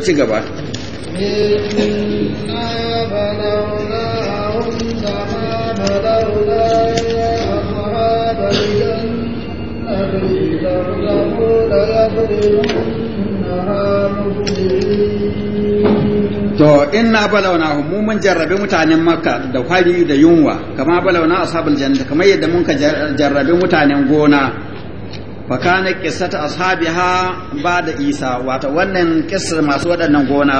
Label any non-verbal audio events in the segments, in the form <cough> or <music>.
ci gaba To inna balauna mu mun jarrabe mutanen Makka da kwari da yunwa kama balauna ashabul janna kamar yadda mun ka jarrabe mutanen gona fakana ha ashabiha da isa wato wannan kissar masu waɗannan gona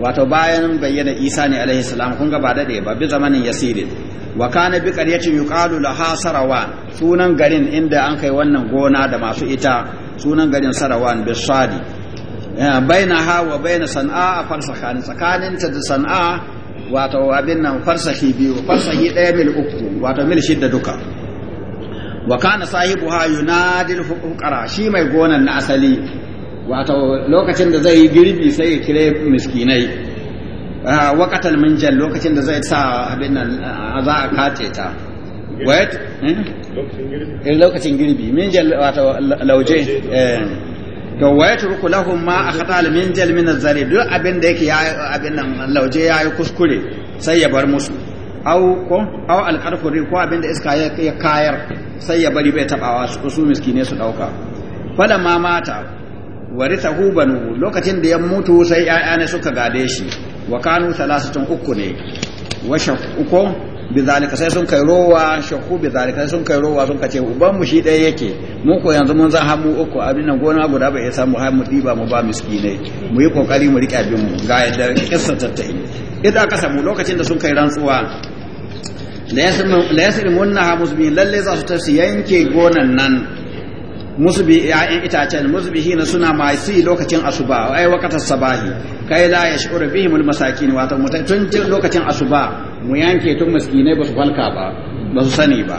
wato bayan bayyana isa ne alaihi salam kun ga ba daɗe? ba bi zamanin yasirin wa kana bi qaryatin yuqalu laha sarawan sunan garin inda an kai wannan gona da masu ita sunan garin sarawan bi sadi baina ha wa baina san'a farsakhani tsakanin ta da san'a wato abin nan farsahi biyu farsahi ɗaya mil uku wato mil shidda duka wa kana sahibuha yunadil fuqara shi mai gonan na asali wato lokacin da zai girbi sai ya kire miskinai ah, wa qatal minjal lokacin da zai sa abin nan ah, za a kace ta wait eh? eh, lokacin girbi minjal wato lauje eh. to wayat ruku lahum ma akhata al minjal min az-zari duk abin da yake ya abin nan lauje yayi kuskure sai ya bar musu au ko au alqarfuri ko abinda iska ya kayar sai ya bari bai tabawa su su miskine su dauka fala ma mata warisa banu lokacin da ya mutu sai yaya ne suka gade shi wa kanu salasatun uku ne wa shakku bizalika sai sun kai rowa shakku bizalika sai sun kai rowa sun kace uban mu shi ɗaya yake mu ko yanzu mun zan hamu uku abin nan gona guda bai isa mu hamu diba mu ba miskine mu yi kokari mu rike abin mu ga yadda kissa tattaini idan aka samu lokacin da sun kai rantsuwa la yasrimunnaha musbihin lalle za su tafi yanke gonan nan musbi ya'in itacen musbihina suna masu lokacin asuba ai wakatar sabahi kai la yash'uru bihim almasakin wato tun lokacin asuba mu yanke tun miskinai ba su falka ba ba su sani ba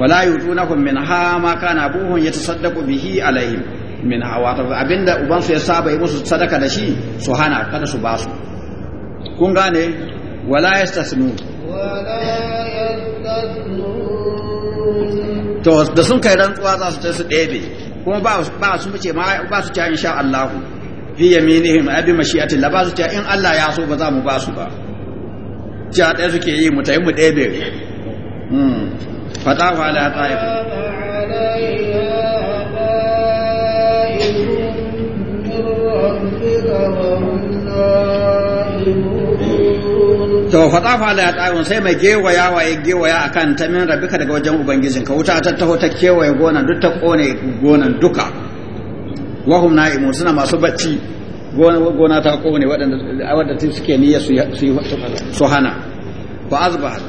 wala yutunahum min ha ma kana abuhum yatasaddaqu bihi alaihim min ha wato abinda ubansu ya saba yi musu sadaka da shi su hana kada su basu kun gane wala yastasnu wala to da sun kai rantsuwa za su ta su ɗebe kuma ba su ce ba su ce insha Allah fi yaminihim abi mashi'ati la ba su ce in Allah ya so ba za mu ba su ba ja ɗaya suke yi mu tayi mu ɗebe hmm fata fa la ta'if Thank you. to faɗa fa ya ɗayon sai mai gewaya wa ya gewaya akan ta min rabbika daga wajen ubangijin ka wuta ta taho ta kewaye gonan duk ta kone gonan duka wahum imu suna masu bacci gona ta kone waɗanda suke niyya su su hana fa azbahat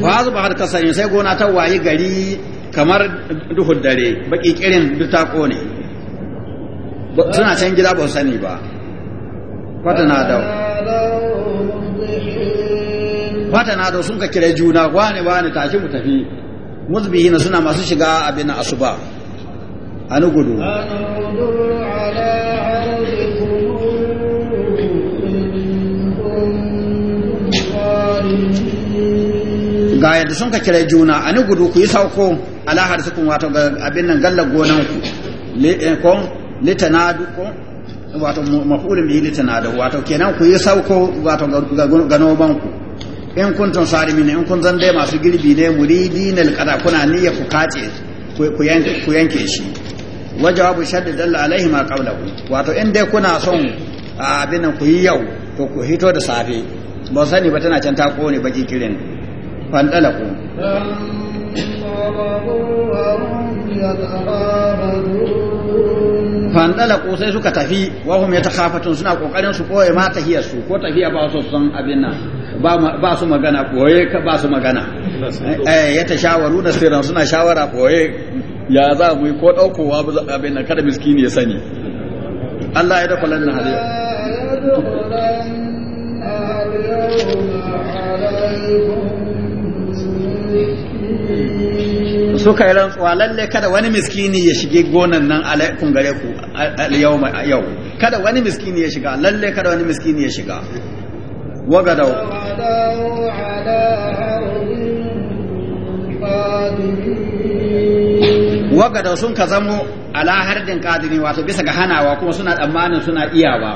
fa ka kasayin sai gona ta wayi gari kamar duhun dare baƙi kirin duk ta kone suna can gida ba su sani ba da fatanadaw da sun ka kira juna wane wane tashi mu tafi musbihina suna masu shiga abin asuba an gudu ga yadda sun ka kira juna an gudu ku yi sauko ala harsukun wato abin nan gallar gonan ku litana eh, dukkan wato mafulin bihi da wato kenan ku yi sauko wato ga In kun tun kuntum mini in kun zan dai masu girbi ne na alqada kuna niyya ku kace ku yanke shi wajen abu shadda dalla alaihi ma ku wato in dai kuna son abin ku yi yau ko ku hito da safe ba sani ba tana can ta kone baki kirin fandala ku fandalaku sai suka tafi wahum ya takhafatun suna kokarin su koye ma tahiyar su ko tafiya ba su san abin nan ba su magana koye ba su magana eh ya shawaru da sirran suna shawara koye ya za mu yi ko daukowa abin nan kada miskini ya sani Allah ya dafa lana hadiya suka yi rantsuwa lalle kada wani miskini ya shige gonan nan alaikum gare ku yau yau kada wani miskini ya shiga lalle kada wani miskini ya shiga wagadau wagadau sun ka zamo ala din kadini wato bisa ga hanawa kuma suna tsammanin suna iyawa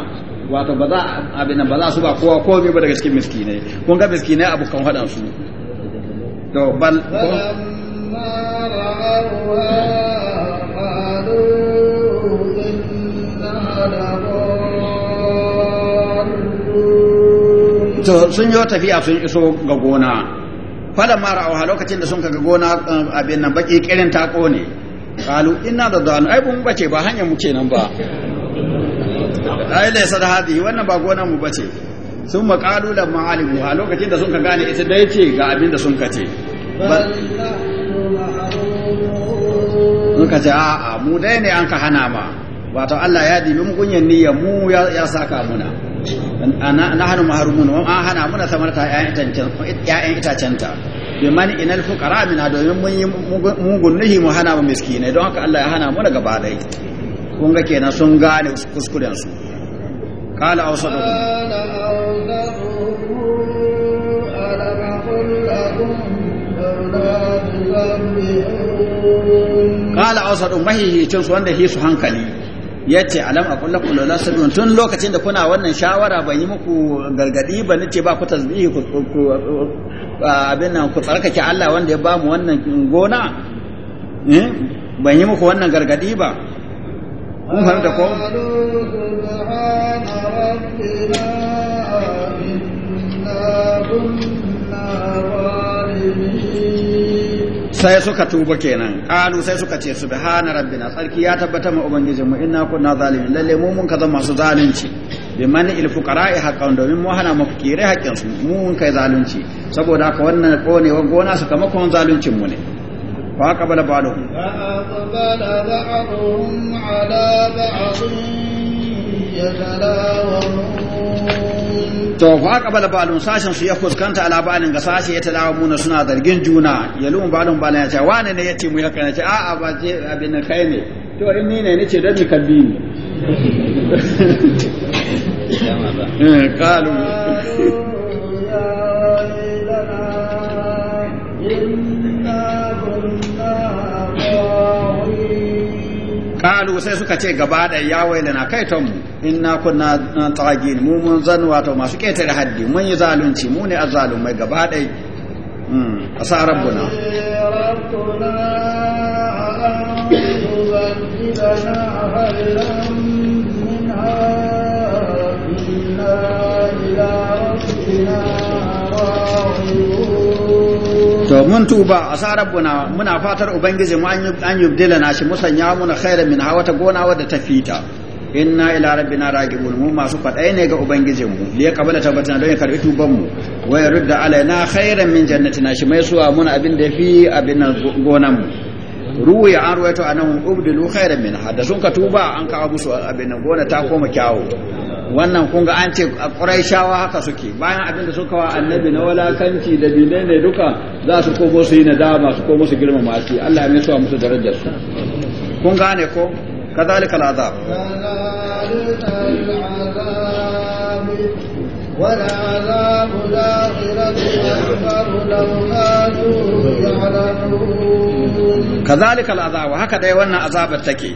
wato ba za abin ba za su ba kowa komai ba daga cikin miskinai kun ga miskinai abokan haɗansu to bal to sun yi tafiya sun iso ga gona fada mara a lokacin da sun ga gona eh, abin nan baki kirin ta kone kalu ina da danu ai mun bace ba hanyar muke nan ba ai laysa da hadi wannan ba gonar mu bace sun maqalu da ma'alimu a lokacin da sun ka gane ita dai ce ga abin da sun ka ce Muka ce a'a mu dai ne an ka hana ma wato Allah ya dibi mu kunyan niyya mu ya saka muna na hannu maharumun an hana muna samarta ‘ya'yan itacenta mani inal fukara mina domin mun yi mugun nuhi mu hana mu miskinai don haka Allah ya hana mu daga badai kun ga kenan sun gane kuskuren su qala awsaduhum qala awsaduhum kala qala yi mahihicin su wanda su hankali yace alam aqul lakum la sabun tun lokacin da kuna wannan shawara ban yi muku gargadi ba ce ba ku tasbihi ku abin nan ku tsarkake Allah wanda ya bamu wannan gona eh ban yi muku wannan gargadi ba kun fahimta ko sai suka tuba kenan qalu sai suka ce subhana rabbina sarki ya tabbata ma ubangijin mu inna kunna zalimin lalle mu mun kaza masu zalunci bi man il fuqara'i haqqan domin mu hana mu kire haƙƙin su mu mun kai zalunci saboda haka wannan wa gona su kama kon zaluncin mu ne fa qabala ba'du qabala ba'dhum ala to fa qabala balun sashin su ya fuskanta ala balin ga sashi ya na suna zargin juna lumu balun balin ya ce wane ne yace mu kana ce a ba je abin kai ne to in ni ne nace dan ni kalbi ne <laughs> eh, kalu kalu sai suka ce gaba da ya na kai ta mu inna kunna tagin mu mun zan wato masu ketare haddi mun yi zalunci mu ne azalumai gaba da hmm. asa rabbuna to mun tuba a sa rabbuna muna fatar ubangiji mu an yubdila na shi musanya muna khairan min hawata gona wadda ta fita inna ila rabbina ragibun mu masu kwadai ne ga ubangijin mu ya kabala tabbatana don ya karbi tuban mu wa yarudda alaina khairan min jannatina shi mai suwa muna abin da fi abin gonan mu ruwaya an ruwaito anan ubdilu khairan min hada sun ka tuba an kawo musu abin gona ta koma kyawu wannan kun ga an ce ƙuraishawa haka suke bayan abinda suka wa annabi na walakanci da bine ne duka za su komo su yi nadama su komo su girma masu Allah ya mai suwa musu darajar su kun gane ko kazalika al'azab ولعذاب الآخرة أكبر لو كانوا يعلمون كذلك العذاب وهكذا يوانا عذاب التكي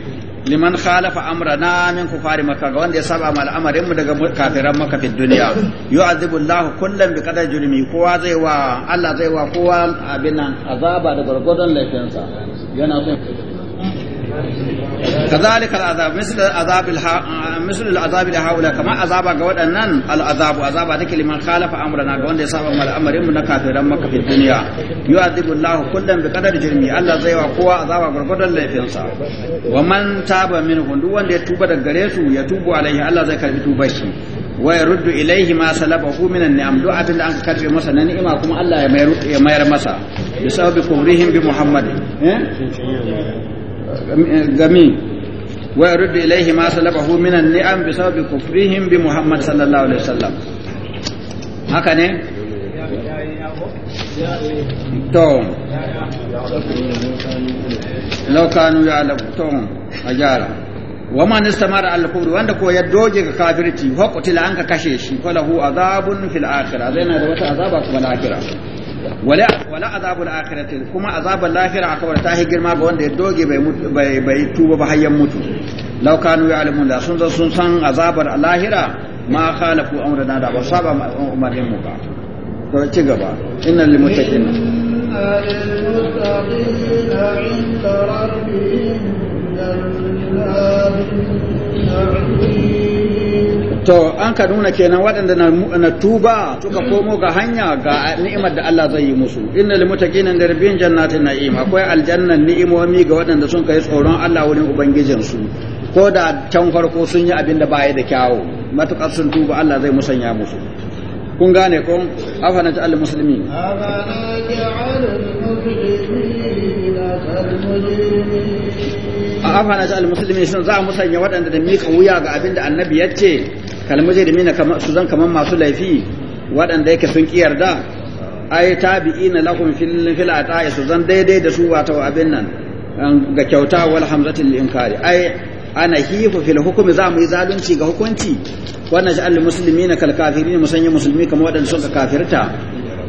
liman khalafa amrana min kufari makka ga wanda ya saba ma al'amarin mu daga kafiran makka fi duniya yu'adhibu Allah kullam bi qadar jurmi kowa zai wa Allah zai wa kowa abin azaba da gurgurdan laifinsa yana son كذلك العذاب مثل العذاب مثل العذاب kamar كما عذاب ga waɗannan al'azabu azaba take liman khalafa amrana ga wanda ya saba mal amarin mu na kafiran maka fi duniya yu'adhibu Allahu kullan bi qadari jirmi Allah zai wa kowa azaba gurgurdan laifinsa wa man taba min duk wanda ya tuba daga gare su ya tubu alaihi Allah zai karbi tubar shi wa yaruddu ilaihi ma salabahu min an-ni'am duk abin da an karfe masa a ni'ima kuma Allah ya mayar masa bi sababi kumrihim bi Muhammadin gami wa yurdu ilaihi ma salafahu min niam kufrihim bi Muhammad sallallahu alaihi wasallam haka ne to ajara wa man istamara al wanda ko ya doge ga kafirci an ka kashe shi falahu azabun fil na da wata azaba kuma ولا ولا عذاب الاخره كما عذاب اللافر اكبر تاهي غير ما بوند يدوغي بي بي بي توبه بحي يموت لو كانوا يعلمون لا سن سن سن عذاب الاخره ما خالفوا امرنا دا وصاب عمر بن مبا تو چي گبا ان للمتقين عند ربهم جنات نعيم to an ka nuna kenan waɗanda na tuba suka komo ga hanya ga ni'imar da Allah zai yi musu inna lil muttaqina rabbin jannatin na'im akwai aljanna ni'imomi ga waɗanda sun kai tsoron Allah wurin ubangijin su ko da can farko sun yi abin da baya da kyawu matukar sun tuba Allah zai musanya musu kun gane ko afana ta'al muslimi afana ta'al muslimi sun za mu sanya waɗanda da mika wuya ga abin da annabi ya ce kalmujrimina su zan kaman masu laifi waɗanda yake sun kiyarda ai tabi'ina lahum fil fil ata'i su zan daidai da su wato abin nan ga kyauta wal hamzatil inkari ai ana hifu fil hukumi za mu yi zalunci ga hukunci wannan ja'al muslimina kal kafirin musanya musulmi kamar waɗanda suka kafirta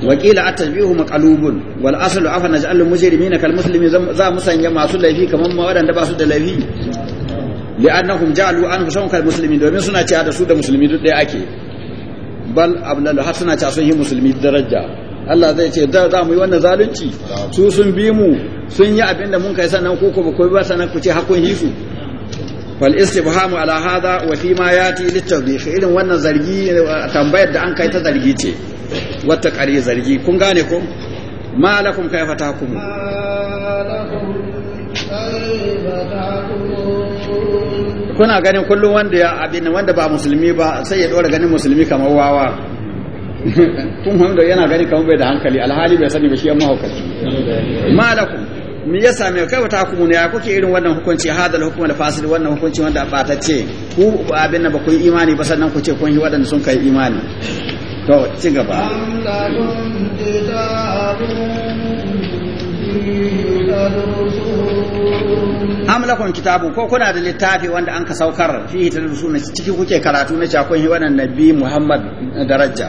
وقيل التشبيه مقلوب والاصل عفوا نجعل المجرمين كالمسلمين za mu sanya masu laifi kaman waɗanda ba su da laifi li'annahum جعلوا anfusahum kal muslimin domin suna cewa da su da musulmi duk ɗaya ake bal ablalu har suna cewa sun yi musulmi daraja Allah zai ce da za mu yi wannan zalunci su sun bi mu sun yi abin da mun kai sannan ko ko bakwai ba sannan ku ce hakun hisu fal istibhamu ala hada wa fi ma yati litawdih irin wannan zargi tambayar da an kai ta zargi ce wata kare zargi kun gane ko malakum kayfa tahkumu kuna ganin kullum wanda ya abin wanda ba musulmi ba sai ya dora ganin musulmi kamar wawa <laughs> kun wanda yana gani kamar bai da hankali alhali bai sani ba shi amma hukunci malakum me ya same kai wata ku ne ya kuke irin wannan hukunci hadal hukuma da fasil wannan hukunci wanda batacce ku abin nan ba ku yi imani ba sannan ku ce kun yi waɗanda sun kai imani to ci gaba am lakum kitabu ko kuna da littafi wanda an ka saukar fihi na ciki kuke karatu na yi wannan nabi Muhammad daraja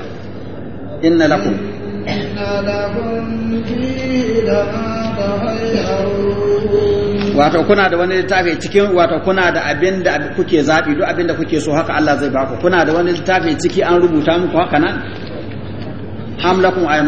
inna lakum wato kuna da wani littafi cikin wato kuna da abin da kuke zaɓi duk abin da kuke so haka Allah zai baku kuna da wani littafi ciki an rubuta muku haka nan am lakum am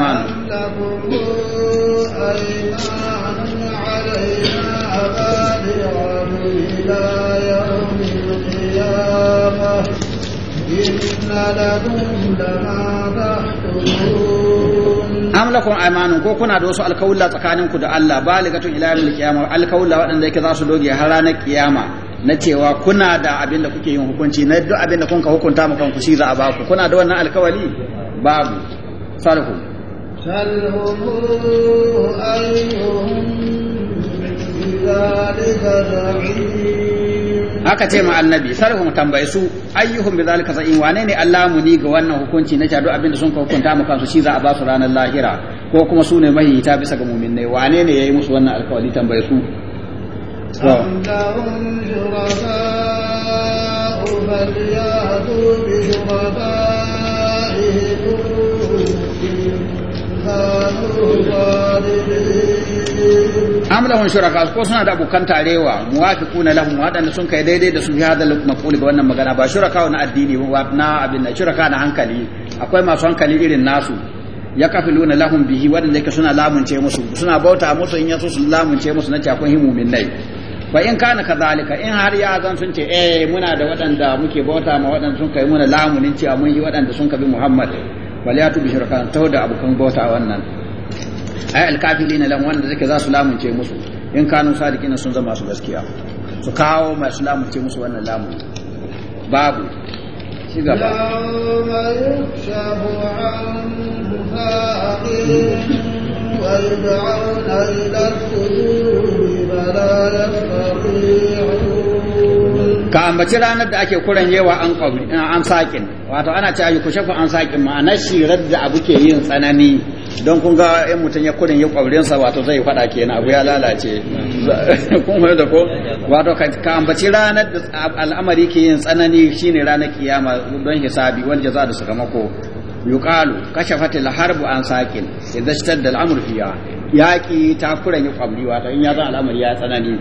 lakum aymanu ko kuna da wasu alkawulla ku da Allah baligatun ila yawmil qiyamah alkawulla waɗanda yake za su doge har ranar kiyama na cewa kuna da abin da kuke yin hukunci na duk abin da kun ka hukunta mu kanku shi za a baku kuna da wannan alkawali babu sarhu haka ayyuhum ce ma annabi sarhum tambaye su ayyuhum bi zalika sa'in wane ne Allah mu ni ga wannan hukunci na jadu abinda sun hukunta mu kansu shi za a ba su ranar lahira ko kuma su ne ta bisa ga ne wane ne yayi musu wannan alkawari tambaye su فليأتوا am lahum shuraka ko suna da abokan tarewa muwafiquna lahum wadanda sun kai daidai da su fi hadal maqul ga wannan magana ba shuraka na addini ba na abin shuraka na hankali akwai masu hankali irin nasu ya kafiluna lahum bihi wadanda yake suna lamunce musu suna bauta musu in yaso su lamunce musu na cakon himumin nai fa in kana kadhalika in har ya zan sun ce eh muna da wadanda muke bauta ma wadanda sun kai muna lamunin ci mun yi wadanda sun kabi muhammad waliyatu bi shirkan tawo da abokan bauta wannan ai alkafirina lan wanda zake za su lamunce musu in kanu sadikina sun zama su gaskiya su kawo masu lamunce musu wannan lamun babu shi gaba ka ambaci ranar da ake kuran yawa an an sakin wato ana ce ayi kushafu an sakin ma'anar shirar da abu ke yin tsanani don kun ga in mutum ya kurin ya kwaurin sa wato zai fada kenan abu ya lalace <laughs> kun hoyo da ko wato ka ambaci ranar da al'amari ke yin tsanani shine ranar kiyama don hisabi wal za da mako yuqalu kashafatil harbu an sakin idza ishtadda al'amru fiha yaqi ta kuran ya kwabri wato in ya za al'amari ya tsanani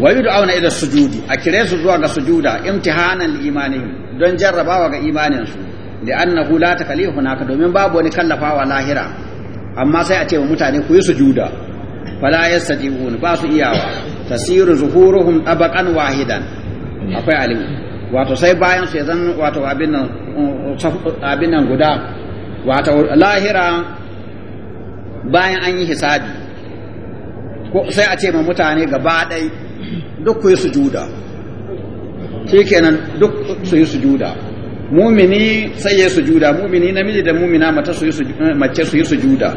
wa yud'auna ila sujudi a kire su zuwa ga sujuda imtihanan imani don jarrabawa ga imanin su da annahu la takalifu naka domin babu wani kallafawa lahira amma sai a ce wa mutane ku yi sujuda fala yastati'un ba su iyawa tasiru zuhuruhum abaqan wahidan akwai alimu wato sai bayan su zan wato abin nan abin nan guda wato lahira bayan an yi hisabi sai a ce ma mutane gaba ɗaya duk ku yi sujuda shikenan duk su yi sujuda mumini sai ya sujuda mumini namiji da mumina mace su yi sujuda mace su yi sujuda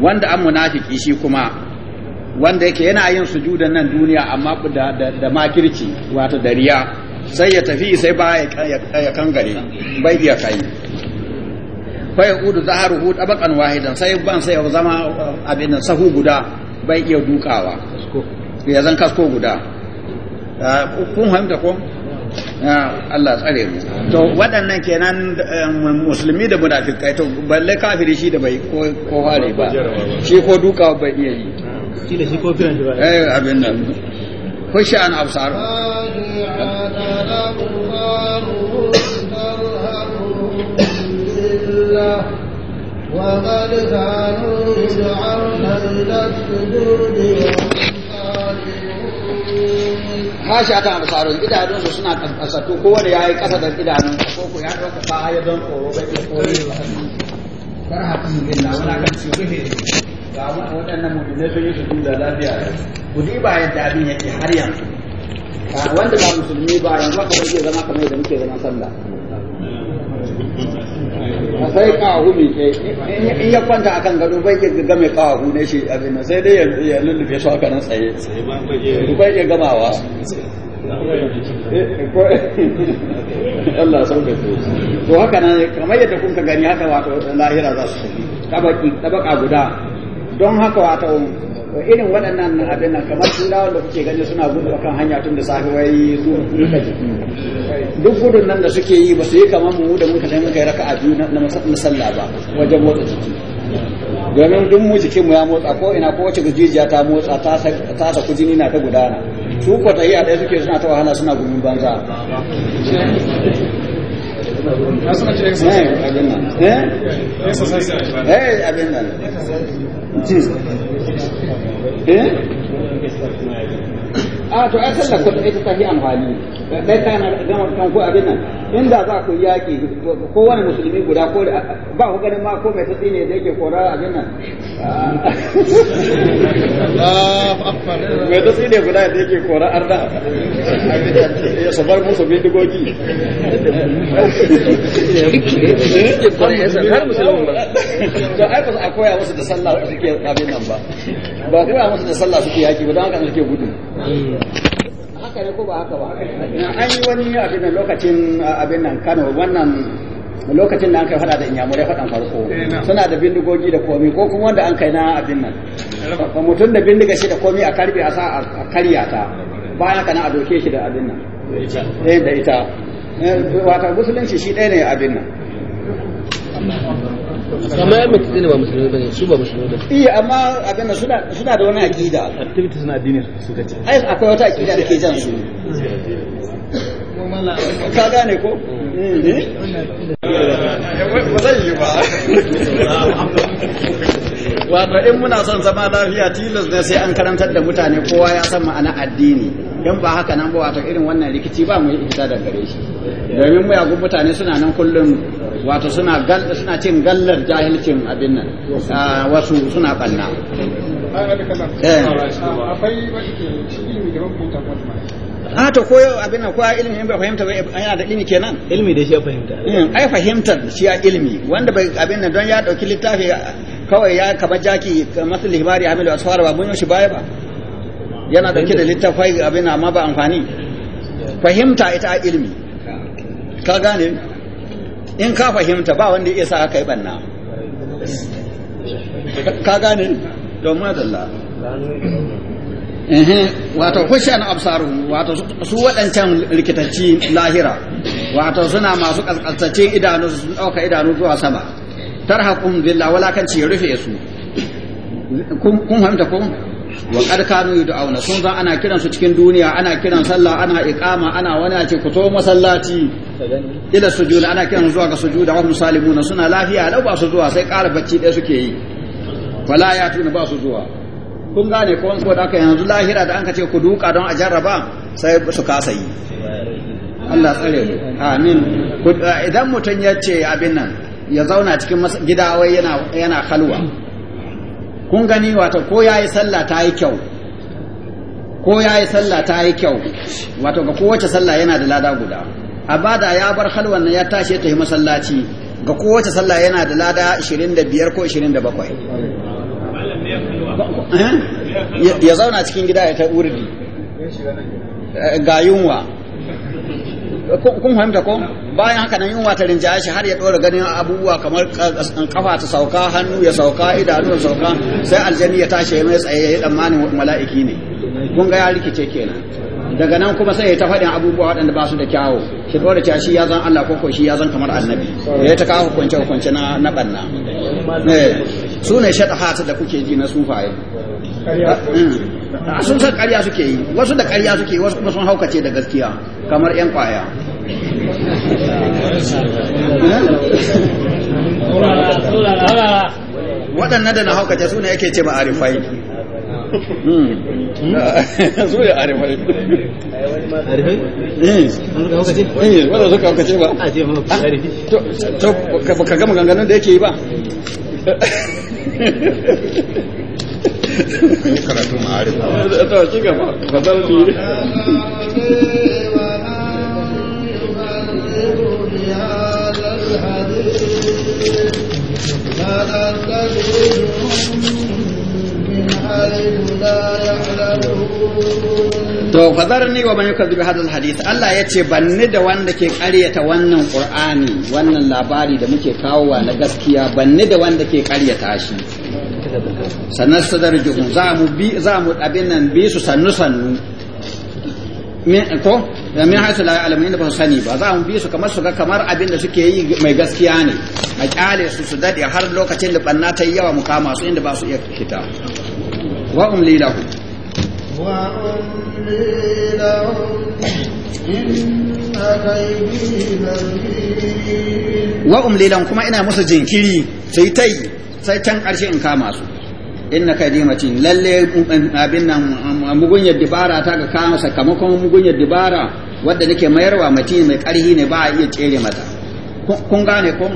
wanda an munafiki shi kuma wanda yake yana yin sujudan nan duniya amma da da, makirci wato dariya sai ya tafi sai ba ya kangare bai iya kai fa yaqudu zaharuhu tabaqan wahidan sai ban sai ya zama abin sahu guda bai iya dukawa ya zan kasko guda kun fahimta ko Allah tsare mu to waɗannan kenan eh, musulmi da munafikai to balle kafiri shi da bai ko ba shi ko duka bai iya yi shi da shi ko ba eh, abin nan hashi tana da idanun su suna kasatu ko wanda yayi kasa da idanun ko ko ya ɗauka ba ya don koro ko kore kar ga yi da lafiya ku yadda abin yake har yanzu wanda ba musulmi ba yanzu zai zama kamar yadda muke zama sallah sai kahu mai in ya kwanta akan gado bai ke ga mai kahu ne shi abin sai dai ya lullube shi haka nan tsaye bai iya gamawa Allah sauka to haka nan kamar yadda kun ka gani haka wato lahira za su tafi tabaki tabaka guda don haka wato to irin waɗannan abin nan kamar turawan da kuke gani suna gudu akan hanya tun da safe wai su duka duk gudun nan da suke yi ba su yi kamar mu da muka sai muka yi raka'a biyu na sallah ba wajen motsa jiki domin duk mu jikin mu ya motsa ko ina ko wace gajijiya ta motsa ta sa kujini na ta gudana su ko ta yi a ɗaya suke suna ta wahala suna gumin banza Eh, abin nan. Eh? Eh? a ah, to ai sallar ko ita ta yi amfani dai ta na gama kan ko abin nan inda za ku yaƙi ko wani musulmi guda ko ba ku ganin ma ko mai tsatsi ne da yake kora mai ne guda da yake kora arda ya sabar musu to ai ba a koya musu da sallah suke abin nan ba ba koya musu da sallah suke yaƙi ba don haka suke gudu haka ne ko ba haka ba an yi wani abin nan lokacin abin nan Kano wannan lokacin da an kai fada da inyamurai fadan farko eh, suna da bindigogi da komi ko kuma wanda an kai na abin nan mutum da bindiga shi da komi a karbe a sa a karya ta bayan ka na a doke shi da abin nan da ita eh, eh, wata musulunci shi ɗaya ne abin nan amma ya mutu ne ba musulmi bane su ba musulmi bane iya eh, amma abin suna suna da wani aqida activities na addini su kace ai akwai wata aqida da ke jan su ka gane ko eh. eh, ba zai yi ba <laughs> wato in muna son zama lafiya tilas ne sai an karantar da mutane kowa ya san ma'ana addini in ba haka nan ba wato irin wannan rikici ba mu yi ita da gare shi domin mu yagu mutane suna nan kullum wato suna suna cin gallar jahilcin abin nan ah, wasu suna banna eh. akwai da rubuta a ah, to ko abin nan ko ilimi bai fahimta ba eh, yana da ilimi kenan ilimi da shi ya fahimta eh, ai fahimtar shi ya ilimi wanda bai abin nan don ya dauki littafi ah, kawai ya kama jaki kamar su libari amilu asfara ba mun shi baya ba yana dauke da littafai abin amma ba amfani fahimta ita ilimi ka gane in ka fahimta ba wanda ya sa aka yi banna ka gane don madalla Mhm. wato hushan absaru wato su waɗancan rikitacci lahira wato suna masu ƙasƙasacin idanu su ɗauka idanu zuwa sama tarhaqum billah walakanci ya rufe su kun fahimta kun wa qad kanu yud'auna sun zan ana kiran su cikin duniya ana kiran sallah ana iqama ana wani ce ku to masallaci ila sujud ana kiran zuwa ga sujuda wa musalimuna suna lafiya lau ba su zuwa sai ƙara bacci ɗaya suke yi wala ya tuna ba su zuwa kun gane ko saboda aka yanzu lahira da an ka ce ku duka don a jarraba sai su kasa yi Allah tsare mu amin idan mutum ya ce abin nan ya zauna cikin gida wai yana yana halwa kun gani wato ko yayi sallah ta yi kyau ko yayi sallah ta yi kyau wato ga kowace sallah yana da lada guda A da ya bar halwan nan ya tashi ta yi masallaci ga kowace sallah yana da lada 25 ko 27 Eh? ya zauna cikin gida ya ta urdi eh, ga yunwa kun fahimta ko bayan haka nan yunwa ta rinjaya shi har ya ɗora ganin abubuwa kamar kafa ta sauka hannu ya sauka idanu ya sauka sai aljani ya tashi ya mai tsaye ya yi tsammanin mala'iki ne kun ga ya rikice kenan daga nan kuma sai ya ta faɗin abubuwa waɗanda ba su da kyawo shi ɗora cewa shi ya zan Allah ko ko shi ya zan kamar annabi ya ta kawo hukunce hukunce na na ɓanna eh. su ne shaɗahat da kuke ji na sufaye ah, eh. ah, sun san ƙarya suke yi wasu da ƙarya suke yi wasu kuma sun haukace da gaskiya kamar 'yan ƙwaya eh? waɗannan da na haukace su ne yake ce ba arifai hmm. <laughs> su ne arifai arifai? Eh. wadda ka haukace ba ah, to ka gama ganganun da yake yi ba karatun ma'arifa ta ci gaba من لا يعلمون to fadarni wa man yukadhibu hadha alhadith Allah yace banni da wanda ke ƙaryata wannan Qur'ani wannan labari da muke kawowa na gaskiya banni da wanda ke ƙaryata shi sannan sadarjuhum za mu bi za mu abin nan bi su sannu sannu ko da min haisu la alamu inda ba su sani ba za mu bi su kamar su ga kamar abin da suke yi mai gaskiya ne a kyale su su dade har lokacin da banna ta yi yawa mu kama su inda ba su iya fita wa umli wa umli kuma ina musu jinkiri sai tai sai can karshe in kama su inna kaidi matin lalle abin nan mugunyar bara ta ga kama sakamakon mugunyar bara wadda nake mayarwa matin mai karhi ne ba a iya tsere mata kun gane kun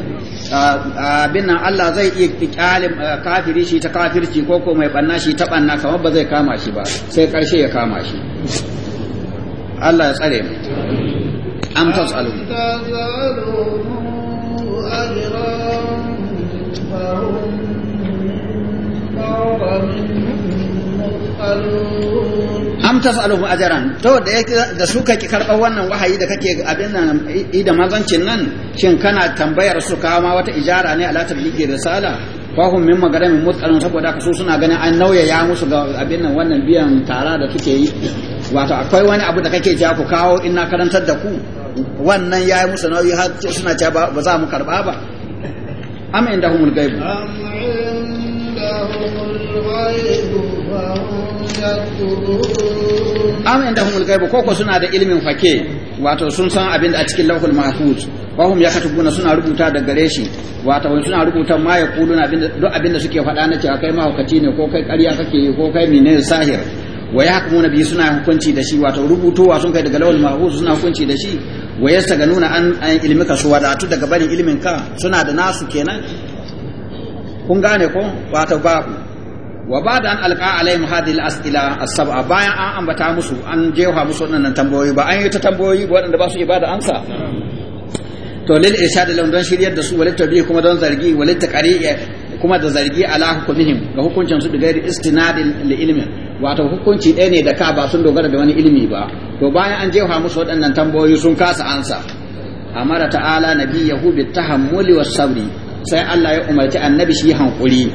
abin nan Allah zai iya kyalin kafiri shi ta kafirci ko ko mai banna shi ta banna kamar ba zai kama shi ba sai karshe ya kama shi Allah ya tsare mu am tasalu am tas'aluhu ajran to da da suka ki karɓar wannan wahayi da kake abin nan da mazancin nan shin kana tambayar su ma wata ijara ne ala tabliqi risala hum min magaramin mutsalin saboda ka su suna ganin an nauya ya musu ga abin nan wannan biyan tara da suke yi wato akwai wani abu da kake ja ku kawo in na karantar da ku wannan ya musu nauyi har suna ce ba za mu karba ba am indahumul gaibu am indahumul gaibu am inda humul gaibu koko suna da ilimin fake wato sun san abin da a cikin lauhul mahfuz wa hum yakatubuna suna rubuta da gare shi wato wani suna rubuta ma ya kuluna abin duk abin da suke faɗa na cewa kai mahaukaci ne ko kai ƙarya kake yi ko kai menene sahir wa yahkumuna bihi suna hukunci da shi wato rubutowa sun kai daga lauhul mahfuz suna hukunci da shi wa yastaganuna an an ilmika su wadatu daga barin ilmin ka suna da nasu kenan kun gane ko wato babu wa ba da an alƙa alaihim hadhihi asila as-sab'a bayan an ambata musu an jefa musu waɗannan tambayoyi ba an yi ta tambayoyi ba waɗanda ba su ibada ansa to lil irshad lahum don shiryar da su walil tabi'i kuma don zargi walil kuma da zargi ga li wato hukunci ɗaya ne da ka ba sun dogara da wani ilimi ba to bayan an jefa musu waɗannan tambayoyi sun kasa ansa amara ta'ala nabiyahu bit tahammuli was sabri sai Allah ya umarci annabi shi hankuri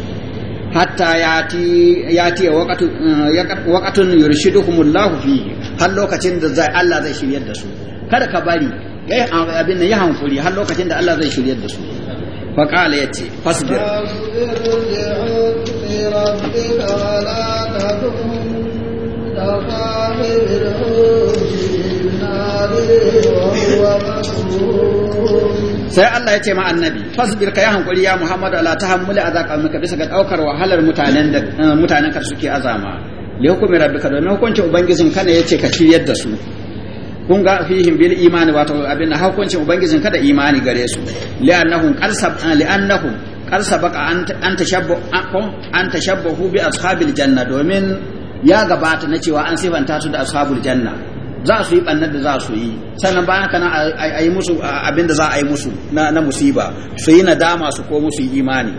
hatta ya tiya waƙatun yurshiduhumullahu fi har lokacin da zai Allah zai shiryar da su kada ka bari yayi abin nan ya hankuri har lokacin da Allah zai shiryar da su fa qala yace fasbir rabbika wala takun sai Allah ya ce ma annabi fasbir kai hankuri ya Muhammadu ala tahammuli azaqamika bisa ga daukar wahalar mutanen da eh, mutanen ka suke azama li hukumi rabbika domin hukuncin ubangijin kana yace ka ciyar da su kun ga fihim bil imani wato abin da hukuncin ubangijin kada imani gare su annahum qalsab eh, li'annahum qalsabaka an tashabbu an tashabbahu bi ashabil janna domin ya gabata na cewa an sifanta su da ashabul janna za su yi bannan da za su yi sannan bayan kana a yi musu abin da za a yi musu na musiba su yi nadama su ko musu imani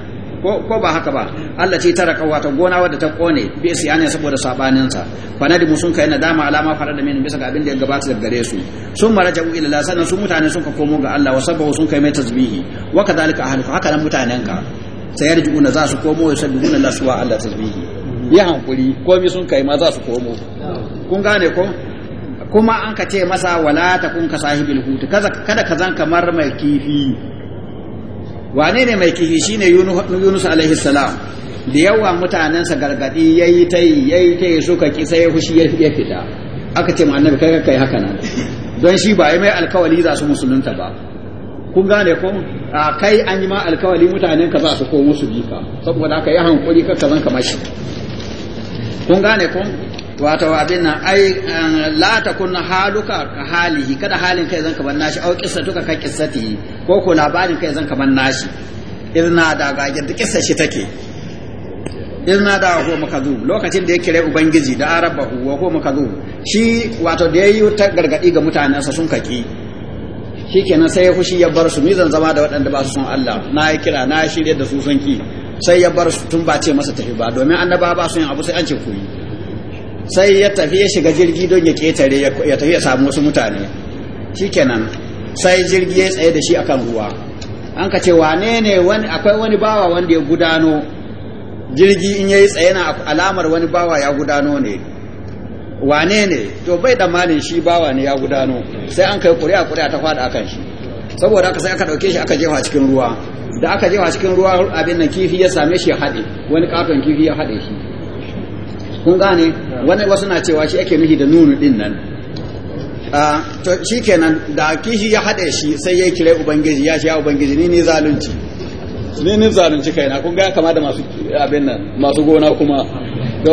ko ba haka ba Allah ce tara kawata gona wadda ta kone bi su yana saboda sabanin sa da sun kai nadama alama fara da min bisa ga abin da ya gabata daga gare su sun maraja ila ilala sannan su mutane sun ka komo ga Allah wa sabahu sun kai mai tasbihi wa kadhalika ahluka haka nan mutanen ka sayarjiuna za su komo ya sabbihuna Allah suwa Allah tasbihi hankuri komi sun kai ma za su komo kun gane ko kuma an ka ce masa wala ta kun ka sahibul hutu kada ka zan kamar mai kifi wane ne mai kifi shine yunus alaihi salam da yawa mutanensa gargadi yayi ta yi yayi ta yi suka ki sai fushi ya fita aka ce ma annabi kai kai haka nan don shi ba ya mai alkawali za su musulunta ba kun gane ko a kai an yi ma alkawali mutanen ka za su ko musu bika saboda aka yi hankuri ka zan kamar shi kun gane ko wato abin nan ai la takun haluka ka halihi kada halin kai zan ka banna shi au tuka ka qissatihi ko ko labarin kai zan ka banna shi izna da ga yadda kissa shi take izna da ho makazu lokacin da ya kire ubangiji da arabahu wa ko makazu shi wato da yayi ta gargadi ga mutanen sa sun kaki shikenan sai ya fushi ya bar su ni zan zama da waɗanda ba su son Allah na yi kira na shirye da su sun ki sai ya bar su tun ba ce masa tafi ba domin annaba ba su yin abu sai an ce ku yi sai ya tafi ya shiga jirgi don ya ketare ya tafi ya samu wasu mutane shikenan sai jirgi ya tsaye da shi akan ruwa an ka ce wane ne akwai wani bawa wanda ya gudano jirgi in ya yi tsaye na alamar wani bawa ya gudano ne wane ne to bai da malin shi bawa ne ya gudano sai an kai kuri'a kuri'a ta fada akan shi saboda sai aka ɗauke shi aka jefa cikin ruwa da aka jefa cikin ruwa abin nan kifi ya same shi ya haɗe wani ƙaton kifi ya haɗe shi kun gane wani wasu na cewa shi ake nuhi da nunu din nan ah, to shi kenan da kishi ya haɗe shi sai ya kire ubangiji ya shi ya ubangiji ni ne zalunci ni ne zalunci kaina kun ga kama da masu abin nan masu gona kuma to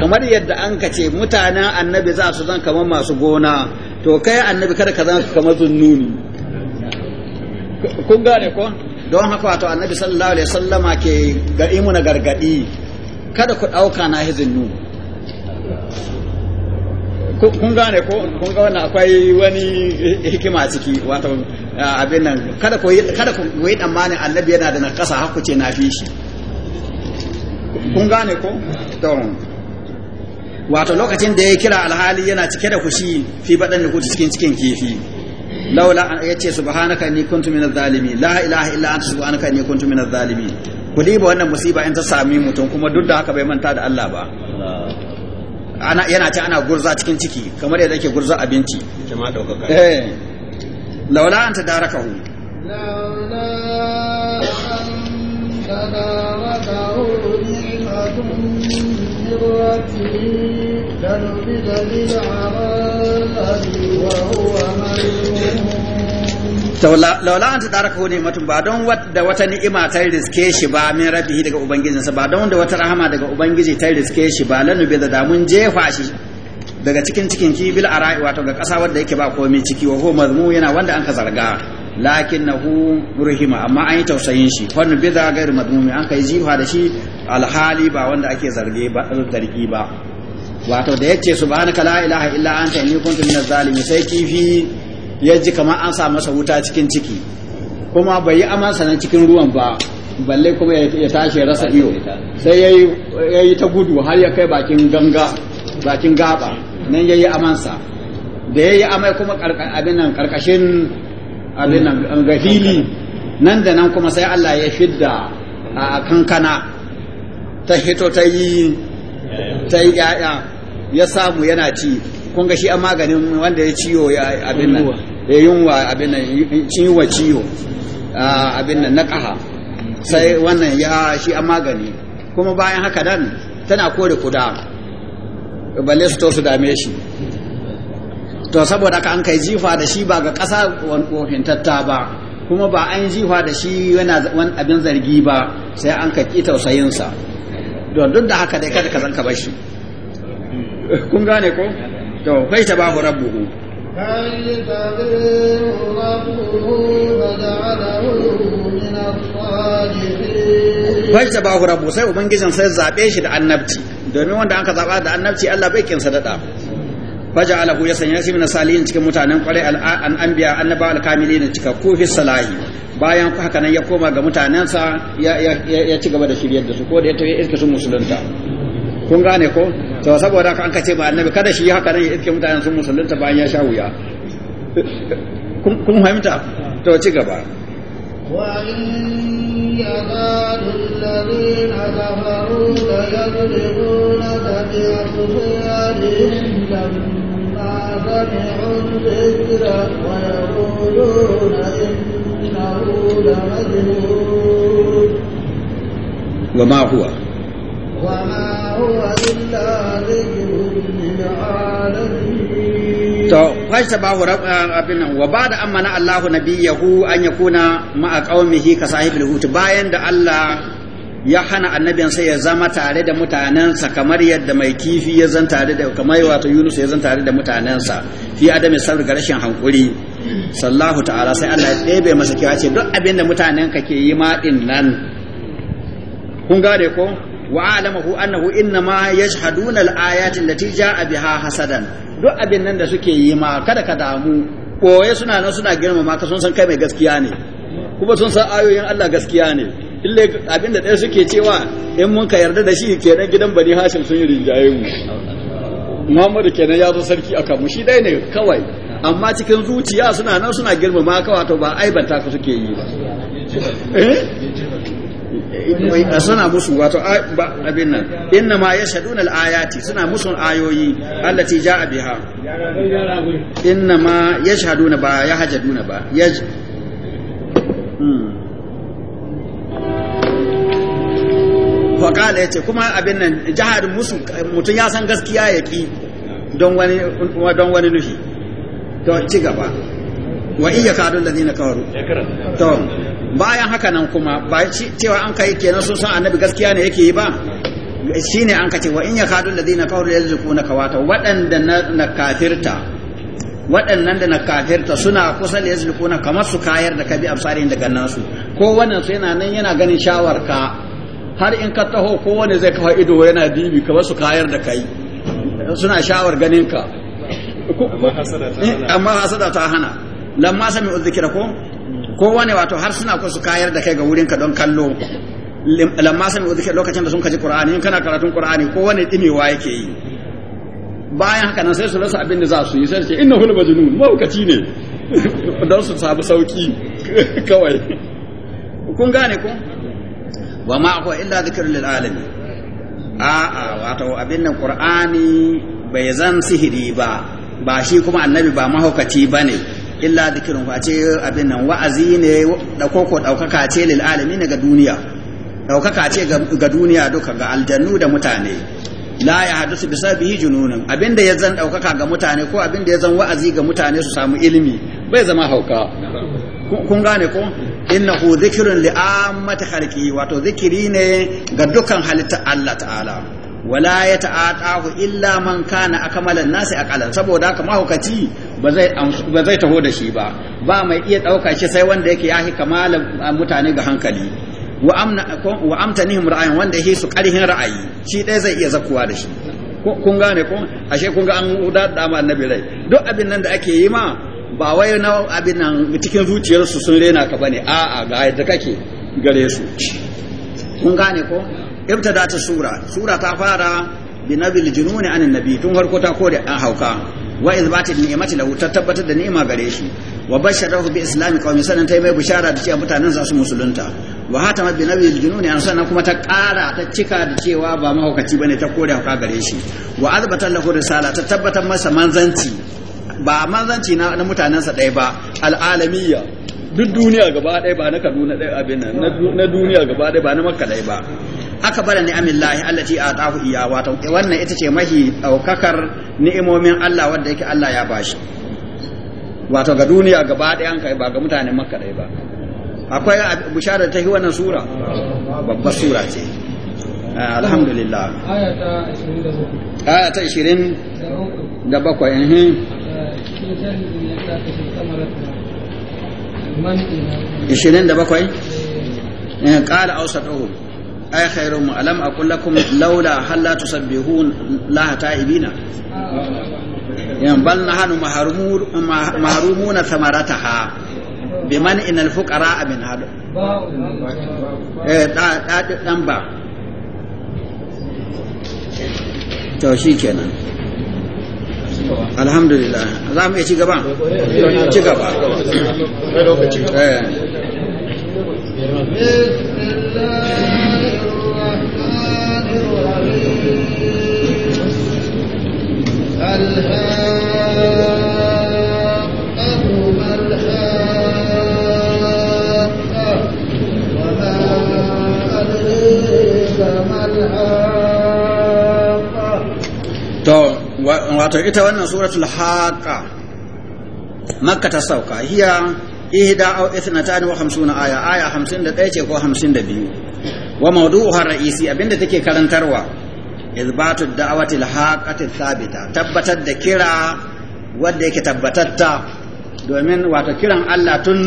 kamar yadda an ka ce mutanen annabi za su zan kamar masu gona to kai annabi kada ka zan kamar zunnuni kun gane ko don haka wato annabi sallallahu alaihi wasallama ke ga imuna gargadi kada ku ɗauka na hizin kun gane ko kun ga wannan akwai wani hikima ciki wato abin nan kada ku kada ku yi tsammanin annabi yana da na har ku ce na fi shi kun gane ko to wato lokacin da ya kira alhali yana cike da kushi fi badan da ku cikin cikin kifi laula yace subhanaka inni kuntu minadh zalimin la ilaha illa anta subhanaka inni kuntu minadh zalimin ku diba wannan musiba in ta sami mutum kuma duk da haka bai manta da Allah ba ana yana ta ana gurza cikin ciki kamar yadda ake gurza abinci jama'a daukaka eh laula anta darakahu laula anta darakahu ni'matun ذرته لنبذ بالعراء وهو laula an ne mutum ba don da wata ni'ima ta riske shi ba min rabihi daga ubangijinsa ba don da wata rahama daga ubangiji ta riske shi ba lanu da damun jefa shi daga cikin cikin kibil ara'i wato ga ƙasa wadda yake ba komai ciki wa huwa mazmu yana wanda an ka zarga lakin na hu rahima amma an yi tausayin shi wannan da gairu madmumi an kai jifa da shi alhali ba wanda ake zarge ba zargi ba wato da yace subhanaka la ilaha illa anta inni kuntu minaz zalimin sai kifi yaji kamar an sa masa wuta cikin ciki kuma bai yi amansa nan cikin ruwan ba balle kuma ya tashi rasa iyo sai yayi ta gudu har ya kai bakin ganga bakin gaba nan yayi amansa da yayi amai kuma abin nan karkashin abin nan ga fili nan da nan kuma sai Allah ya fidda a kankana ta hito ta yi ta yi ya'ya ya samu yana ci kun ga shi a maganin wanda ya ciwo abin nan ya yunwa abin nan ciwo ciwo abin nan na ƙaha sai wannan ya shi a magani kuma bayan haka nan tana kore kuda balle su to su dame shi to saboda ka an kai jifa da shi ba ga ƙasa wahintatta ba kuma ba an jifa da shi yana wani abin zargi ba sai an ka ƙi tausayinsa don duk da haka dai kada ka zanka ka bashi kun gane ko to kai ta babu rabbuhu bai ta bahu rabu sai ubangijin sai zaɓe shi da annabci domin wanda an ka zaɓa da annabci Allah bai kinsa daɗa faja'alahu ya sanya shi min salihin cikin mutanen kwarai an anbiya annaba alkamilin cika kufi salahi bayan haka nan ya koma ga mutanensa ya ya ci gaba da shiryar da su ko da ya tafi iska sun musulunta kun gane ko to saboda haka an kace ba annabi kada shi haka nan ya iske mutanen sun musulunta bayan ya sha wuya kun fahimta to ci gaba يكاد الذين كفروا ليضربونك بأبصارهم لما سمعوا الذكر ويقولون إنه لمجنون وما هو وما هو إلا ذكر للعالمين abin wa ba da amana Allahu nabiyahu an yakuna ma'a qaumihi ka sahibul hut bayan da Allah ya hana annabinsa ya zama tare da mutanensa kamar yadda mai kifi ya zan tare da kamar wato Yunus ya zan tare da mutanensa fi adami sabr ga rashin hankuri sallahu ta'ala sai Allah ya ɗebe masa kiwa ce duk abin da mutanenka ke yi ma din nan kun gare ko wa alamahu annahu inna ma yashhaduna al-ayati allati ja'a biha hasadan duk abin nan da suke yi ma kada ka damu koye suna nan suna girmama ka sun san kai mai gaskiya ne kuma sun san ayoyin Allah gaskiya ne ille abin da ɗaya suke cewa in mun ka yarda da shi kenan gidan bani hashim sun yi rinjaye mu muhammadu kenan ya zo sarki a kanmu shi dai ne kawai amma cikin zuciya suna nan suna girmama kawai to ba aibanta ka suke yi ba eh? suna musu wato abin nan inna ma ya shaɗu na al'ayati suna musu ayoyi allati ja a biha inna ma ya shaɗu ba ya hajjadu ba ya hmm. faƙala ya ce kuma abin nan jihar musu mutum ya san gaskiya ya ƙi don wani nufi ta ci gaba wa iya kadun da zina kawaru to bayan haka nan kuma ba cewa an kai kenan sun san annabi gaskiya ne yake yi ba shine an kace wa iya ya kadun da zina kawaru ya zuku na kawata waɗanda na kafirta waɗannan da na kafirta suna kusa da ya zuku na kamar su kayar da kabi amsarin daga nasu ko wannan su yana nan yana ganin shawarka har in ka taho kowane zai kafa ido yana dibi ka su kayar da kai suna shawar ganin ka amma hasada ta hana eh, lamma sami uzzikira ko kowane wato har suna ko su kayar da kai ga wurinka don kallo lamma sami uzzikira lokacin da sun kaji qur'ani in kana karatun qur'ani kowane dimewa yake yi bayan haka nan sai su rasa abin da za su yi sai ce ce innahul majnun maukaci ne <laughs> don su samu sauki <laughs> kawai kun gane ko wa ma huwa illa dhikrun lil alamin a'a wato abin nan qur'ani bai zan sihiri ba ba shi kuma annabi ba mahaukaci bane illa dhikrun fa ce abin nan wa'azi ne da koko daukaka ce lil alamin ga duniya daukaka ce ga duniya duka ga aljannu da mutane la ya hadisu bi sabihi abin da ya zan daukaka ga mutane ko abin da ya zan wa'azi ga mutane su samu ilimi bai zama hauka kun gane ko innahu dhikrun li ammati khalqi wato zikiri ne ga dukkan halitta Allah ta'ala wala ya ta'atahu illa man kana akmalan nasi aqalan saboda haka mahaukaci ba zai ba zai taho da shi ba ba mai iya dauka shi sai wanda yake yahi kamalan mutane ga hankali wa amna wa amtanihim ra'ayin wanda yake su karhin ra'ayi shi dai zai iya zakuwa da shi kun gane kun ashe kun ga an da ma annabi rai duk abin nan da ake yi ma ba wai na abin nan cikin zuciyarsu sun rena ka bane a ga yadda kake gare su kun gane ko ibtada ta sura sura ta fara bi nabil jununi an annabi tun harko ta kore an hauka wa izbatin ni'mati lahu ta tabbatar da ni'ima gare shi wa basharahu bi islami qaumi sanan tay mai bishara da cewa mutanen za su musulunta wa hatama bi nabil jununi an sanan kuma ta kara ta cika da cewa ba mahaukaci bane ta kore hauka gare shi wa azbata lahu risala ta tabbatar masa manzanci ba manzanci na mutanensa ɗaya ba al'alamiyya duk duniya gaba ɗaya ba na kaduna ɗaya abin nan na duniya gaba ɗaya ba na makka ɗaya ba aka bada ni'amin lahi allati atahu iya wato wannan ita ce mahi daukakar ni'imomin Allah wanda yake Allah ya bashi wato ga duniya gaba ɗaya an kai ba ga mutanen makka ɗaya ba akwai bishara ta yi wannan sura babbar sura ce ah, alhamdulillah aya ta 20 da bakwai ishirin da bakwai ƙala eh, ausa ɗahu ai khairun mu alam eh, kenan alhamdulillah za mu iya ci gaba ci gaba eh. To wato ita wannan suratul haqa makka ta sauka hiya ihda aw ithnatani wa khamsuna aya aya 51 ce ko 52 wa mawdu'uha ra'isi abinda take karantarwa izbatu da'awati al-haqati thabita tabbatar da kira wanda yake tabbatatta domin wato kiran Allah tun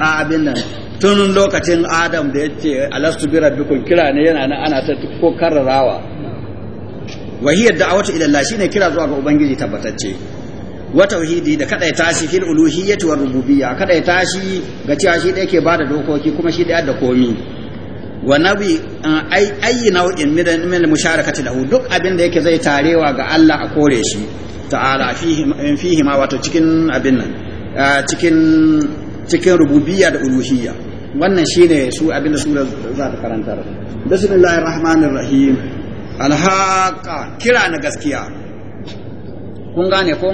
a abin nan tun lokacin Adam da yake alastu bi kira ne yana ana ta ko karrarawa wa hiya da'awatu ila Allah shine kira zuwa ga ubangiji tabbatacce wa tauhidi da kada tashi fil uluhiyyati war rububiyya kada tashi ga cewa shi da yake bada dokoki kuma shi da yadda komi wa nabi eh, ayi nau'in min min musharakati lahu duk abin da yake zai tarewa ga Allah a kore shi ta'ala fihi fihi ma wato cikin abin nan eh, cikin cikin rububiyya da uluhiyya wannan shine su abin da sura za ta karantar bismillahir rahmanir rahim alhaka kira na gaskiya kun gane ko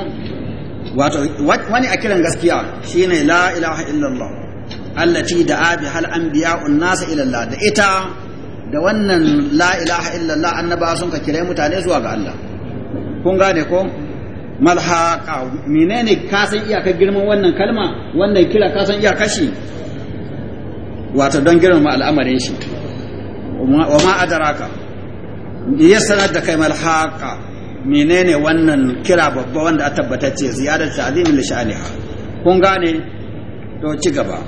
wato wani a kiran gaskiya shine la ilaha illallah allati da abi hal anbiya nasa ila Allah da ita da wannan la ilaha illallah annaba sun ka kire mutane zuwa ga Allah kun gane ko malhaqa menene ka san iyakar girman wannan kalma wannan kira ka san iyakar shi wato don girmama al'amarin shi wa ma adraka ya sanar da kai haka menene wannan kira babba wanda a ce ziyarar ta'zimin da sha'niha kun gane to ci gaba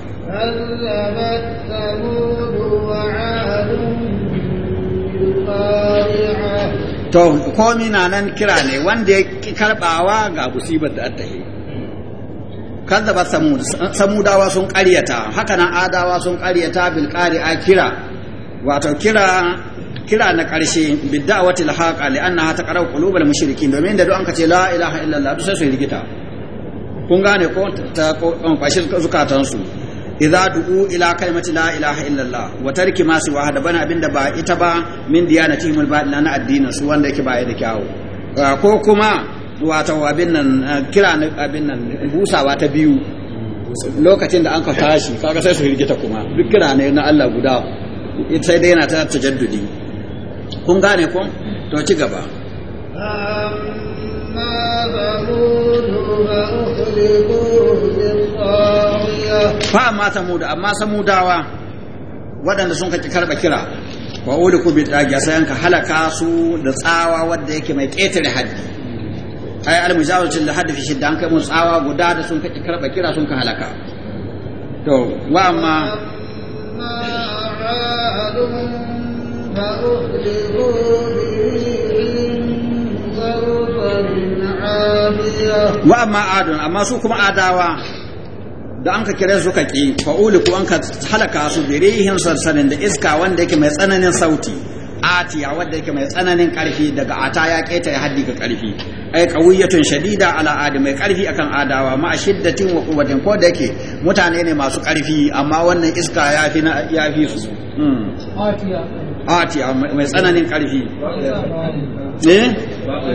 to komi na nan kira ne wanda ya karbawa ga musibar da ta yi kazzaba samud samudawa sun karyata hakanan adawa sun karyata bilkari a kira wato kira kira na ƙarshe bidda'awatil haqa li annaha taqra'u qulubal mushrikin domin da duk an kace la ilaha illallah duk sai su rigita kun gane ko ta kwashi zukatan idza du'u ila kalimati la ilaha illallah wa tarki ma siwa hada bana abinda ba ita ba min diyanatihim al-batina na addinin su wanda yake ba da kyawu ko kuma wato abin nan kira na abin nan busawa ta biyu lokacin da an ka tashi kaga sai su rigita kuma duk kira ne na Allah guda sai dai yana ta tajaddudi kun gane kun to ci gaba fa amma samuda amma samudawa waɗanda sun kaci karɓa kira wa uli ku bi dagiya sai an ka halaka su da tsawa wadda yake mai ƙetare haddi ai al da haddi fi shidda an kai mu tsawa guda da sun kaci karɓa kira sun ka halaka to wa amma wa amma أما amma su kuma adawa da an ka kira su ƙi, fa'uli ko an ka halaka su da rihin sarsanin da iska wanda yake mai tsananin sauti atiya wanda yake mai tsananin karfi daga ata ya keta ya haddi ga karfi ai qawiyatun shadida ala adi mai karfi akan adawa ma shiddatin wa quwwatin ko da yake mutane ne masu karfi amma wannan iska ya fi ya fi su hmm. atiya mai tsananin ƙarfi eh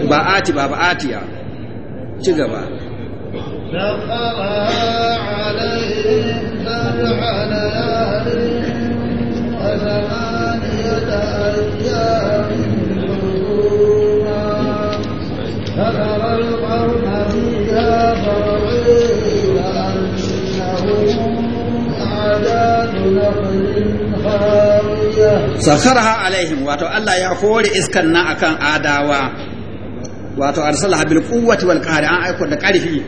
ba ati ba ba atiya ci gaba فَتَرَى الْقَوْمَ sakharaha alaihim wato Allah ya kore iskan na akan adawa wato arsalaha bil quwwati wal qahri an aiko da karfi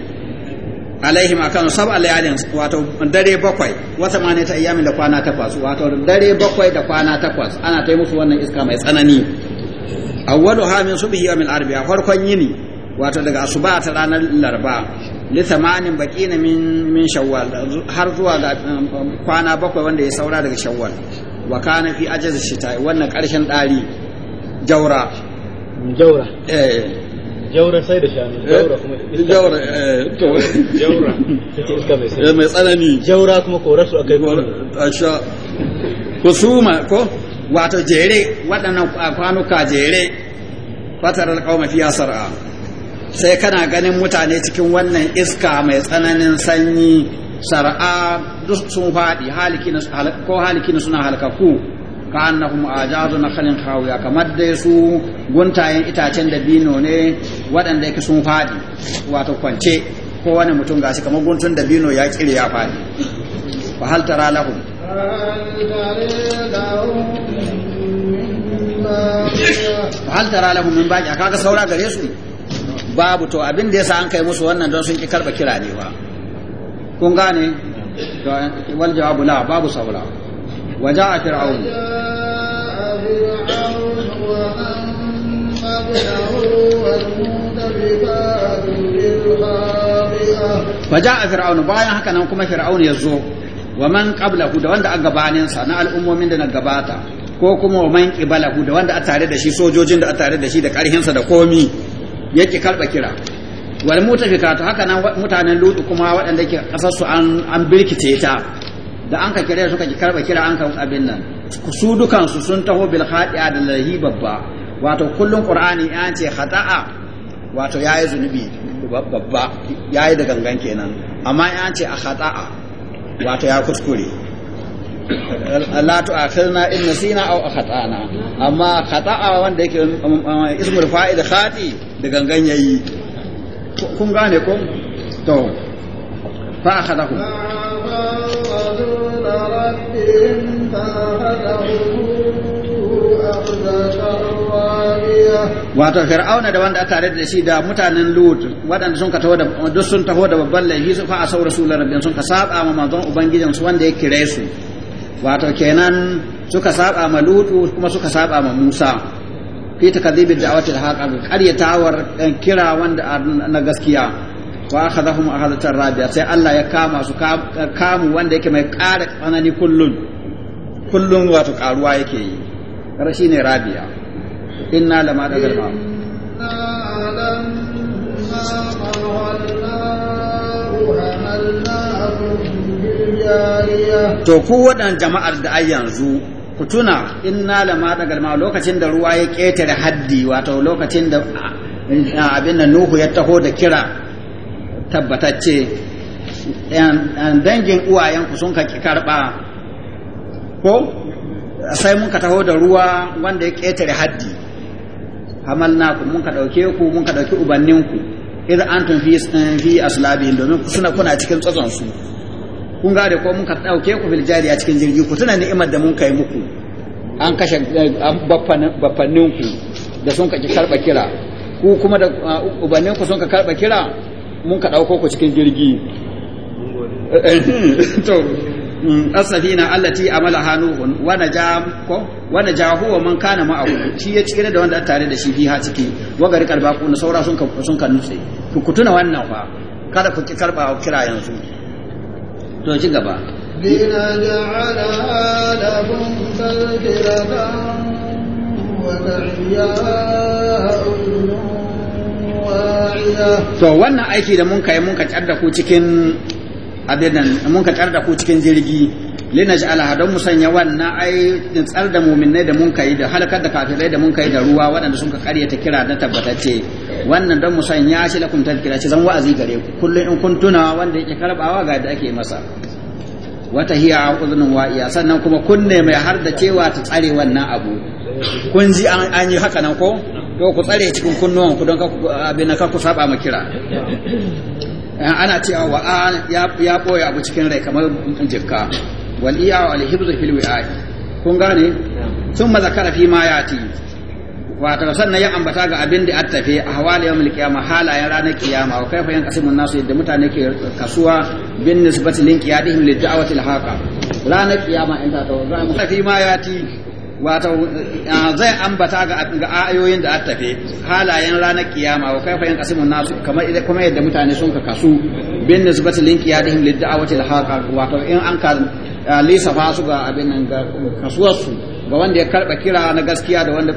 alaihim akan sab alayalin wato dare bakwai wata mane ta ayyamin da kwana takwas wato dare bakwai da kwana takwas ana ta musu wannan iska mai tsanani awwalu ha min subhi yawmil arbi'a farkon yini wato daga asuba ta ranar larba li thamanin baqina min min shawwal har zuwa ga um, kwana bakwai wanda ya saura daga shawwal wa kana fi ajaz shita wannan karshen dari jaura jaura eh jaura sai da shanu eh, jaura kuma jaura eh to jaura iska mai eh, mai tsanani jaura kuma korasu akai asha kusuma ko wato jere waɗannan kwanuka jere fatar alƙawma fiya sar'a sai kana ganin mutane cikin wannan iska mai tsananin sanyi sar'a sun faɗi ko halikina suna halakaku ka annahum ajazu na khalin khawiya kamar dai su guntayen itacen da bino ne waɗanda yake sun faɗi wato kwance ko wani mutum ga shi kamar guntun da bino ya kire ya faɗi fa hal tara lahum fa hal tara lahum min baki kaga saura gare su babu to abin da yasa an kai musu wannan don sun ki karba kira ne ba kun gane wal jawabu la babu saura wa jaa fir'aun wa jaa fir'aun bayan haka nan kuma fir'aun ya zo wa man qablahu da wanda an gabanin sa na al'ummomin da na gabata ko kuma wa man qibalahu da wanda a tare da shi sojojin da a tare da shi da karhin sa da komi yake karba kira wal to haka nan mutanen ludu kuma waɗanda ke kasar su an an birkice ta da an ka kira suka karba kira an kan abin nan su su sun taho bil khati'a da lahi babba wato kullun qur'ani ya ce khata'a wato yayi zunubi babba yayi da gangan kenan amma ya ce a khata'a wato ya kuskure la tu'akhirna in nasina aw akhata'na amma khata'a wanda yake um, um, ismul fa'il khati da gangan yayi kun gane ko to fa akhadahu wato fir'auna da wanda aka tare da shi da mutanen lut waɗanda sun ka taho da duk sun taho da babban laifi su fa asau rasulullahi rabbin sun ka saba ma manzon ubangijin su wanda ya kire su wato kenan suka saba ma lutu kuma suka saba ma musa fi takdhibid da'wati al-haqq qaryatawar eh, kira wanda na gaskiya wa akhadhahum akhadhatan rabi'a sai Allah ya kama su kamu wanda yake mai ƙara tsanani kullun kullun wato karuwa yake yi rashi ne rabi'a inna lama da garba to ku waɗannan jama'ar da ai yanzu ku tuna na lama daga ma lokacin da ruwa ya ƙetare haddi wato lokacin da abin da nuhu ya taho da kira tabbatacce dangin uwayenku sun ka karɓa ko sai mun ka taho da ruwa wanda ya ƙetare haddi hamalna ku mun ka ɗauke ku mun ka ɗauki ubanninku idan an tun fi aslabi domin suna kuna cikin tsatsonsu kun gane ko mun ka dauke ku jari jariya cikin jirgi ku tuna ni'imar da mun kai muku an kashe eh, bafannin ku da sun kaki karba kira ku kuma da uh, ubannin ku sun ka karba kira mun ka dauko ku cikin jirgi eh, <laughs> to mm, asafina allati amala hanuhun wa naja ko wa najahu wa man kana ma'ahu shi ya cike da wanda tare da shi ha ciki wa gari karba ku na saura sun ka sun ka nutse ku tuna wannan fa kada ku ki karba kira yanzu to ci gaba لنجعلها لهم To wannan aiki da mun kai mun ka tsar da ku cikin abinan mun ka tsar da ku cikin jirgi linaj'alaha don sanya wannan ai tsar da mu'minai da mun kai da halakar da kafirai da mun kai da ruwa waɗanda sun ka ta kira na tabbatacce wannan don sanya shi lakum kira ce zan wa'azi gare ku kullun in kun tuna wanda yake karbawa ga da ake masa wata hiya udhunun wa'iya sannan kuma kunne mai har da cewa ta tsare wannan abu kun ji an yi haka nan ko to ku tsare cikin kunnuwan ku don ka abin ka ku saba mu kira ana cewa wa'a ya boye abu cikin rai kamar jikka wal iya wal hibzu fil wi'ai kun gane thumma zakara fi ma ya yati wato sannan ya ambata ga abin da attafe a hawali yawmul qiyama halayen ranar kiyama wa kaifa yanqasimun nasu yadda mutane ke kasuwa bin nisbati lin qiyadihim lid da'wati al haqa ranar kiyama in ta tawo za fi ma yati wata zai ambata ga ga ayoyin da attafe halayen ranar kiyama wa kaifa yanqasimun nasu kamar idan kuma yadda mutane sun ka kasu bin nisbati lin qiyadihim lid da'wati wata haqa wato in an ka lisafa su ga abin nan ga kasuwarsu ga wanda ya karba kira na gaskiya da wanda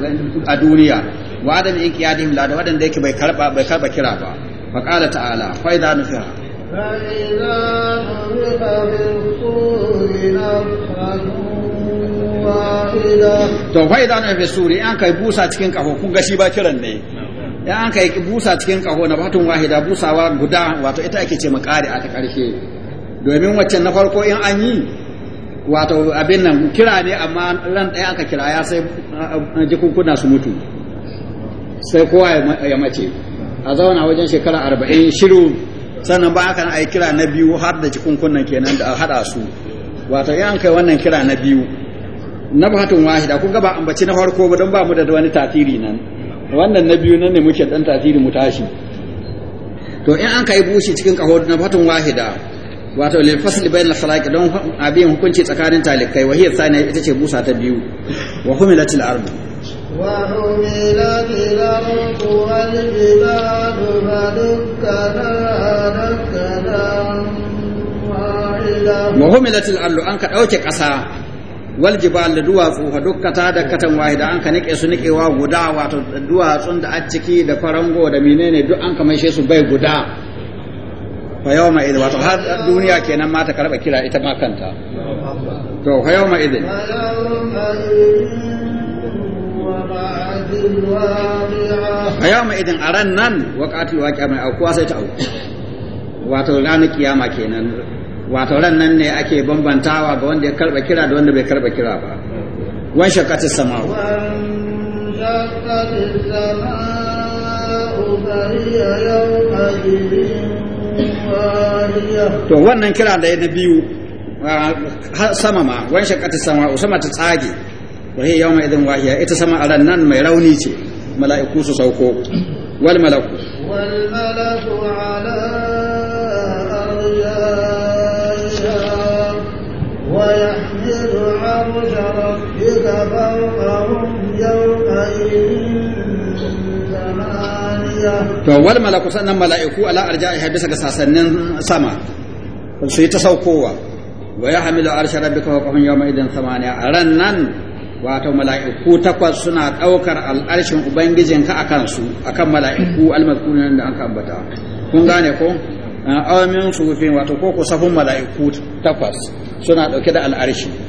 a duniya wa adam in kiyadin la da wanda yake bai karba bai karba kira ba fa qala ta'ala fa idza nufiha fa نفخ في to fa idan an fi suri an kai busa cikin kaho kun ga shi ba kiran ne ya an kai busa cikin kaho na batun wahida busawa guda wato ita ake ce makari a ta karshe domin waccan na farko in an yi wato abin nan kira ne amma ran ɗaya aka kira ya sai jikunkuna su mutu sai kowa ya mace a zauna wajen shekara arba'in shiru sannan ba aka ai kira na biyu har da jikunkunan kenan da haɗa su wato ya an kai wannan kira na biyu na batun wahida kun gaba ambaci na farko ba don ba mu da wani tasiri nan wannan na biyu nan ne muke dan tasiri mu tashi to in an kai bushi cikin kaho na batun wahida wato lil fasl bainal khalaiq don abin hukunci tsakanin talikai wahiyar sani ita ce busa ta biyu wa humilatil ardu wa humilatil ardu wal jibalu dakkana wa humilatil ardu an ka dauke kasa wal jibalu da duwatsu fa dukkata da wahida an ka nike su nikewa guda wato duwatsun da a ciki da farango da menene duk an ka maishe su bai guda fa yawma idin wato har duniya kenan ma ta karba kira ita ma kanta to fa yawma idin fa idin a ran nan waqatul waqi'a mai aukuwa sai ta auku wato ranar kiyama kenan wato ran nan ne ake bambantawa ga wanda ya karba kira da wanda bai karba kira ba wan shakatis samawa shakatis samawa fa a idin to wannan kira da ya na biyu sama ma wan shaqati sama sama ta tsage wa yau mai idan wahiya ita sama a nan mai rauni ce mala'iku su sauko wal malaku wal malaku ala arjasha wa to wal malaku sannan mala'iku ala arja'iha bisa ga sasannin sama su yi ta saukowa wa ya hamilu arsha rabbika wa qahun yawma idan samaniya a ran nan wato mala'iku takwas suna daukar al'arshin ka akan su akan mala'iku almazkurin da aka ambata kun gane ko awamin sufin wato ko ko safin mala'iku takwas suna dauke da al'arshi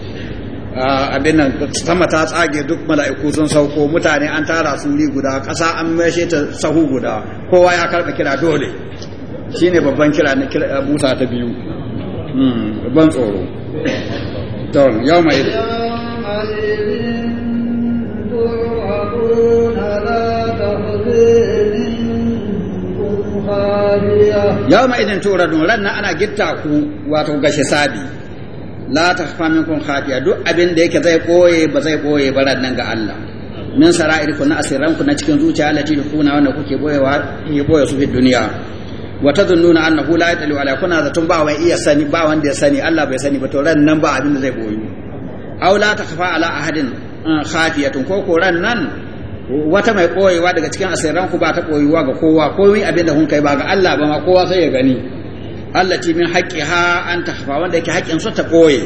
abin nan sama ta tsage duk mala'iku sun sauko mutane an tara sun li guda ƙasa an mashe ta sahu guda kowa ya karɓa kira dole shine babban kira na kira busa ta biyu hmm, ban tsoro don yau mai yau mai idin tura don ana gitta ku wato gashe sabi la ta tahfa kun khafiya duk abin da yake zai koye ba zai koye ba nan ga Allah min sara'irku na asiranku na cikin zuciya lati kuna wanda kuke boyewa ya boye su fi duniya wa tadhunnuna annahu la yatalu ala kuna zatun ba wai iya sani ba wanda ya sani Allah bai sani ba to ran nan ba abin da zai boyu aw la takhfa ala ahadin uh, khafiyatun ko ko ran nan wata mai koyewa daga cikin asiranku ba ta koyuwa ga kowa komai abin da kun kai ba ga Allah ba ma kowa sai ya gani allati min haqqiha an tahfa wanda yake haƙƙin su ta boye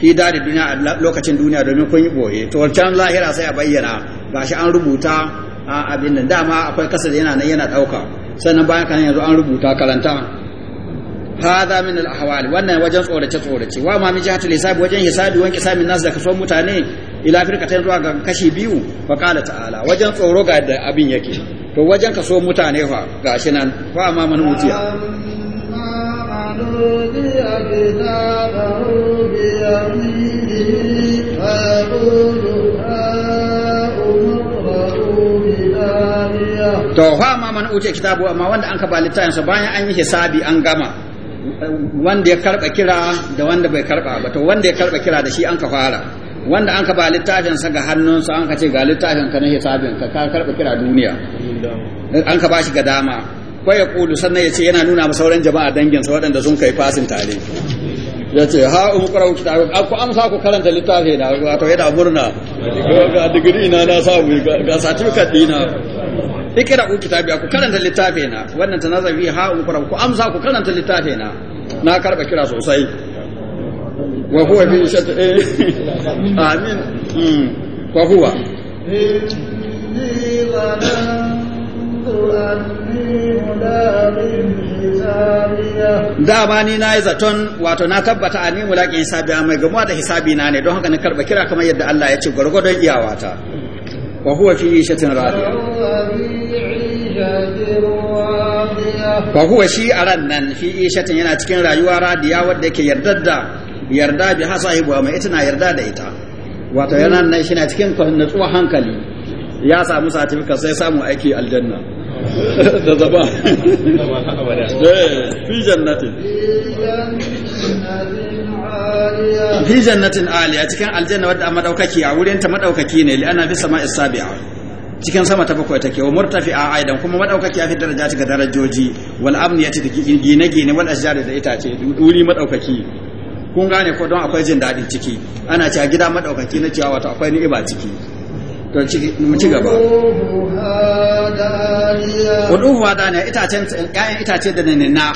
fi dari duniya a lokacin duniya domin kun yi boye to wancan lahira sai a bayyana gashi an rubuta a abin nan dama akwai kasar yana nan yana dauka sannan bayan kan yanzu an rubuta karanta hadha min al ahwal wannan wajen tsorace tsorace wa ma min jihatul hisabi wajen hisabi wanki samin nas da kaso mutane ila ta zuwa ga kashi biyu fa qala ta'ala wajen tsoro ga da abin yake to wajen kaso mutane fa gashi nan fa ma mun mutiya to fa ma man uce kitabu amma wanda an kaba littafin sa bayan an yi hisabi an gama wanda ya karba kira da wanda bai karba ba to wanda ya karba kira da shi an ka fara wanda an ka ba littafin sa ga hannunsa an ka ce ga littafin ka na hisabin ka ka karba kira duniya an ka ba shi ga dama ya kulu sannan ya ce yana nuna ma sauran jama'a danginsa waɗanda sun kai fasin tare ya ce ha umu ƙarar kitabu ku amsa ku karanta littafi na wato yana murna ga digiri na na samu ga satifikat ɗina ikira ku kitabi ku karanta littafi na wannan ta nazari ha umu ƙarar ku amsa ku karanta littafi na na karɓa kira sosai wa huwa fi shatu eh, <laughs> amin hmm. wa huwa dama ni na yi zaton wato na tabbata a ni laƙin hisabi mai gamuwa da hisabi na ne don haka na karɓa kira kamar yadda Allah ya ce gwargwadon iyawata wa huwa fi ishatin radiya wa huwa shi a ran nan fi ishatin yana cikin rayuwa radiya wadda yake yarda da yarda bi hasa ibuwa mai ita na yarda da ita wato yana nan shi na cikin natsuwa hankali ya samu satifika sai samu aiki aljanna <laughs> da zaba <laughs> eh, fi jannatin fi jannatin aliya cikin aljanna wadda madaukaki a wurin ta madaukaki ne li ana fi sama isabi'a cikin sama ta bakwai take wa murtafi'a aidan kuma madaukaki ya fi daraja ga darajoji wal amniyati da gine gine wal ashjar da ce wuri madaukaki kun gane ko don akwai jin daɗin ciki ana cewa gida madaukaki na cewa wato akwai ni'ima ciki mu ci gaba waduhuwa daniya itacen ƴaƴan itace da na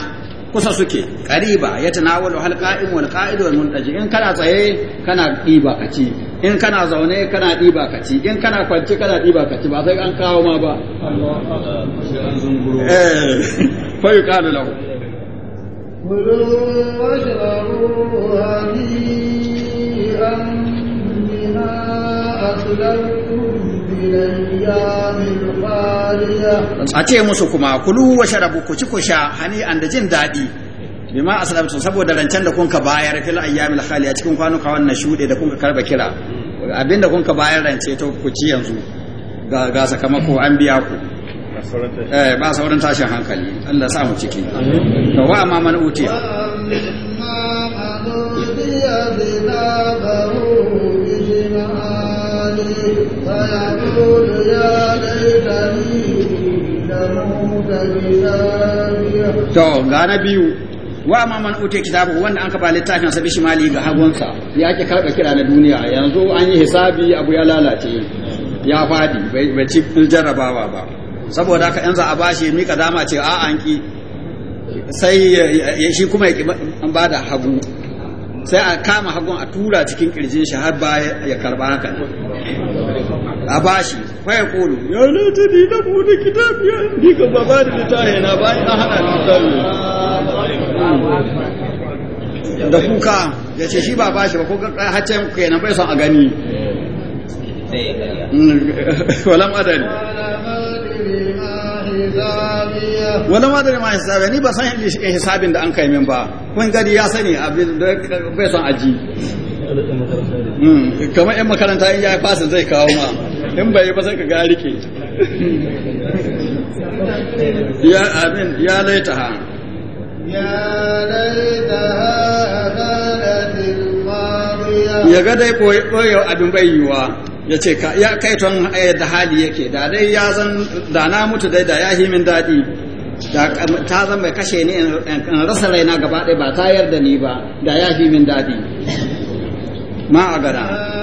kusa suke ƙariba ya tanawalu hal qa'im wal qa'id wal muntaji in kana tsaye kana ɗiba ka ci in kana zaune kana ɗiba ka ci in kana kwance kana ɗiba ka ci ba sai an kawo ma ba eh, eh. <laughs> fa yuqalu lahu كلوا واشربوا هنيئا بما أسلفتم a ce musu kuma kulu wa sharabu ku ci ku sha hani an da jin daɗi bima aslabtu saboda rancen da kunka bayar fil ayyamil khaliya cikin kwanuka wannan shuɗe da kunka karba kira abinda kunka bayar rance to ku ci yanzu ga ga sakamako an biya ku eh ba sauran tashin hankali Allah sa mu ciki to wa amma man utiya فيقول يا ليتني لموت بذنبي تو غانا بيو wa amma man ute kitabu wanda an kafa littafin sa bishi mali ga hagunsa ya ke karba kira na duniya yanzu an yi hisabi abu ya lalace ya fadi bai ci jarrabawa ba saboda haka yanzu a bashi mika dama ce a an ki sai shi kuma ya ba da hagu sai a kama hagun a tura cikin kirjin shi har ba ya karba haka ne a bashi fa ya kulu ya lati ni na bude kitabi ya ni ko baba da litafi na bayan na hana litafi da kuka ya ce shi ba bashi ba ko hacce kenan bai son a gani <laughs> walam adani walam adani ma hisabi ni ba san hisabin da an kai min ba kun gadi ya sani abin da bai son aji hmm, kamar yan makaranta in ya fasa zai kawo ma in bai ba sai ka ga rike ya amin ya laita ha ya ga dai koyo abin bai yiwa ya ce ya kai ton da hali yake da dai ya zan da na mutu dai da ya yi min daɗi da ta zan bai kashe ni in rasa raina gaba ɗaya ba ta yarda ni ba da ya yi min daɗi ma a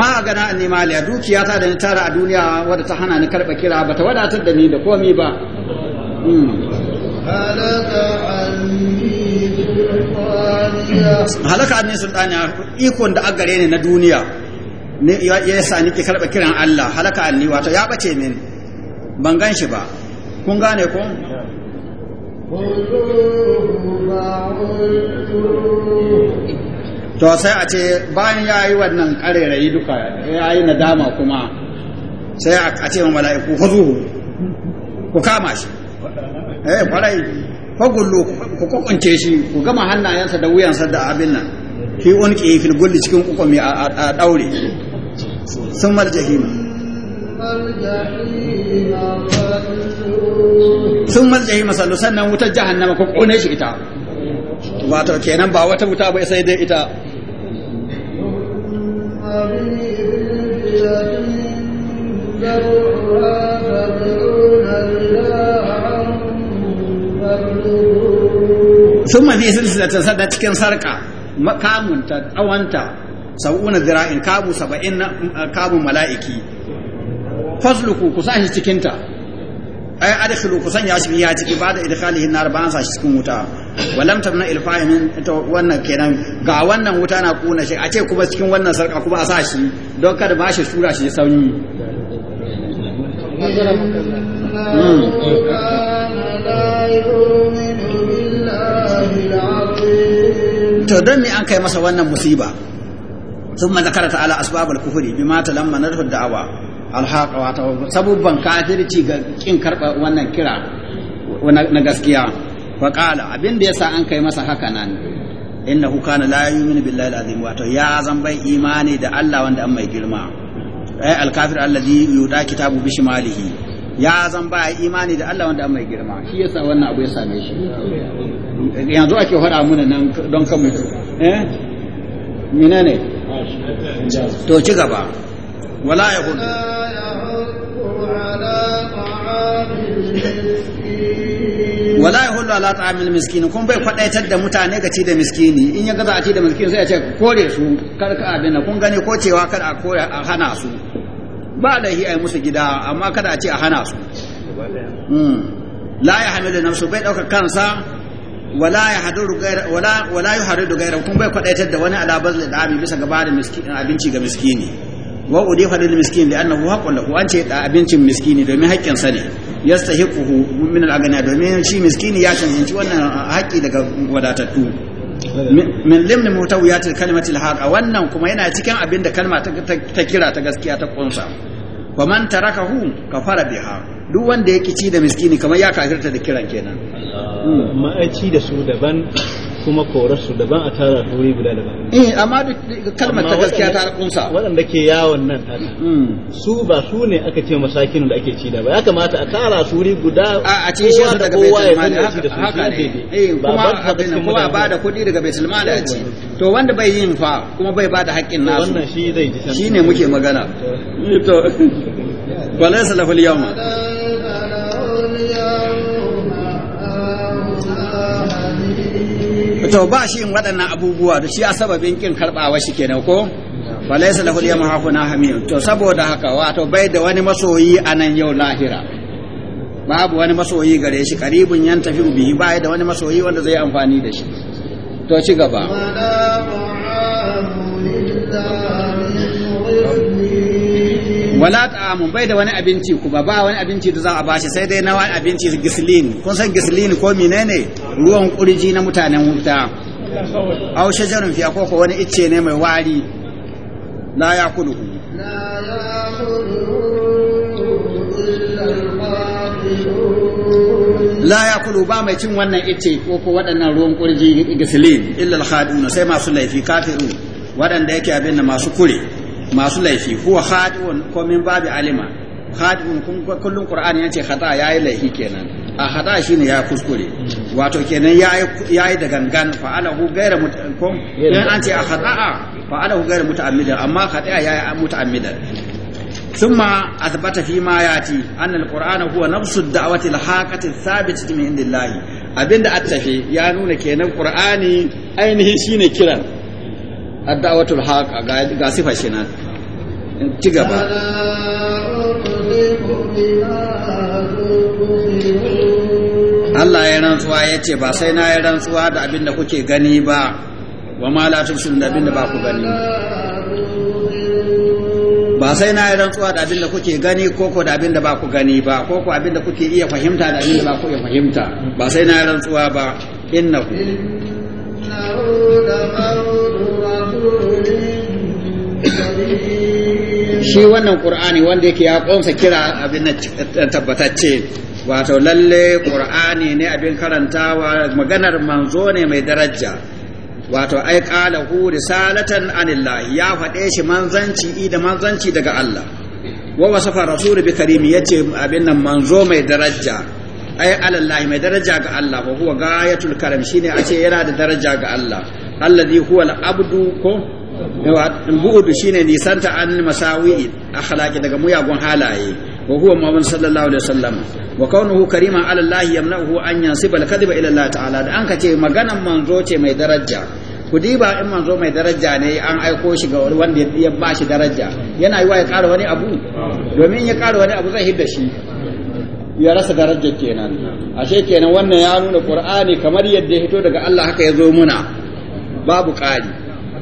ma gana anni maliya dukiya ta da ni tara a duniya wadda ta hana ni karba kira ba ta wadatar da ni da komi ba hmm. halaka anni sultaniya ikon da agare ne na duniya ne ya sa ni ki karba kiran Allah halaka anni wato ya bace min ban gan shi ba kun gane ko to sai a ce bayan ya yi wannan ƙarerayi duka ya yi nadama kuma sai a ce wa mala'iku fazuhu ku kama shi eh kwarai fagullu ku kokunce shi ku gama hannayensa da wuyansa da abin nan ki unki fil gulli cikin mai a daure sun marjahima sun marjahima sallu sannan wutar jahannama ku kone shi ita wato kenan ba wata wuta bai sai dai ita sun mafi silsilata sada cikin sarka makamunta tsawonta sab'una zira'in kamun saba'in na kamun mala'iki fasluku ku sa shi cikinta ai adkhilu ku sanya shi ya ciki ba da idkhalihin nar ba an sa shi cikin wuta walam tabna ilfa'i to wannan kenan ga wannan wuta na kuna shi a ce kuma cikin wannan sarka kuma a sa shi don kada ba shi sura shi sanyi to don me an kai masa wannan musiba ثم ذكر تعالى اسباب الكفر بما تلمنه الدعوه الحق واتو سببا كافرتي ga ƙin karɓa wannan kira na gaskiya faƙala abin da yasa an kai masa haka nan innahu kana la yu'minu billahi azim wato ya zan bai imani da Allah wanda an mai girma ay eh, alkafir alladhi yuda kitabu bi shimalihi ya zan ba imani da Allah wanda an mai girma shi yasa wannan abu ya same shi yanzu ake faɗa muna nan don kan mutu eh mina ne to ci gaba wala ya hudu wala ya yahullu ala ta'amil miskini kun bai kwadaitar da mutane ga ci da miskini in ya gaza a ci da miskini sai ya ce kore su kar ka abin kun gani ko cewa kar a kore a hana su ba da hi ai musu gida amma kada a ce a hana su hmm. la ya hamilu nafsu bai dauka kansa wala yahduru gaira wala wala ya yuharidu gaira kun bai kwadaitar da wani ala bazli da abin bisa gaba da miskini abinci ga miskini wa udifa lil miskini li annahu haqqun lahu an ce da abincin miskini domin haƙƙin sa ne yastahiquhu min al domin shi miskini ya cancanci wannan haƙi daga wadatattu min limni tilka kalimatil haqa wannan kuma yana cikin abin da kalma ta kira ta gaskiya ta kunsa wa man tarakahu kafara biha duk wanda ya ci da miskini kamar ya kafirta da kiran kenan ma'aci da su daban kuma su daban a tara wuri guda daban eh amma kalmar ta gaskiya ta rakunsa. waɗanda ke yawon nan ta hmm. su ba su ne aka ce masakinu da ake ci da ba ya kamata a tara su wuri guda a ci shi su daga baitul mali haka ne eh kuma kuma ba da kuɗi daga bai sulman da ci to wanda bai yin fa kuma bai bada haƙƙin nasu wannan shi zai ji ne muke magana to walaysa lahul yawma to ba shi in waɗannan abubuwa da shi a sababin kin karɓawa shi kenan ko falaisa lahul yawma hakuna hamiyu to saboda haka wato bai da wani masoyi a nan yau lahira babu wani masoyi gare shi karibun yan tafi bihi ba da wani masoyi wanda zai amfani da shi to ci gaba wala ta'am bai da wani abinci ku ba ba wani abinci da za a bashi sai dai na wani abinci gislin kun san gislin ko menene ruwan kurji na mutanen wuta aw shajarun fiya ko wani icce ne mai wari la yakulu la yakulu ba mai cin wannan icce ko ko waɗannan ruwan kurji gislin illa al sai masu laifi kafiru waɗanda yake abin da masu kure masu laifi huwa khadun ko min babi alima khadun kun kullun qur'ani yace khata yayi laifi kenan a khata shine ya kuskure wato kenan yayi yayi da gangan fa hu gaira mutaqom dan an ce a khata'a fa hu gaira muta'ammidan amma khata yayi muta'ammidan ثم أثبت فيما يأتي أن القرآن هو نفس الدعوة الحاقة الثابتة من عند الله أبين أتفي يا نون كينا القرآن أين هي شين كيران addawatul haqa ga sifa shi na ci gaba Allah ya rantsuwa ya ce ba sai na yi rantsuwa da abin da kuke gani ba wa malatun shi da abin da ba ku gani ba sai na yi rantsuwa da abin da kuke gani koko da abin da ba ku gani ba koko abin da kuke iya fahimta da abin da ba ku iya fahimta ba sai na yi rantsuwa ba ku shi wannan ƙur'ani wanda yake ya kunsa kira abin tabbatacce wato lalle ƙur'ani ne abin karantawa maganar manzo ne mai daraja wato ai hu risalatan anillahi ya faɗe shi manzanci da manzanci daga Allah wa wasafa rasul bi karimi yace abin nan manzo mai daraja ai alallahi mai daraja ga Allah ko huwa gayatul karam shine a ce yana da daraja ga Allah allazi huwa al-abdu ko al-bu'du shine nisanta an masawi'i akhlaqi daga muyagun halaye wa huwa muhammad sallallahu alaihi wasallam wa kaunuhu kariman ala allah yamna'uhu an yansiba al-kadhiba ila allah ta'ala da an kace maganan manzo ce mai daraja ku diba in manzo mai daraja ne an aiko shi ga wanda ya ba shi daraja yana yi wa ya ƙara wani abu domin ya ƙara wani abu zai hidda shi ya rasa darajar kenan ashe kenan wannan ya nuna qur'ani kamar yadda ya fito daga Allah haka ya zo muna babu ƙari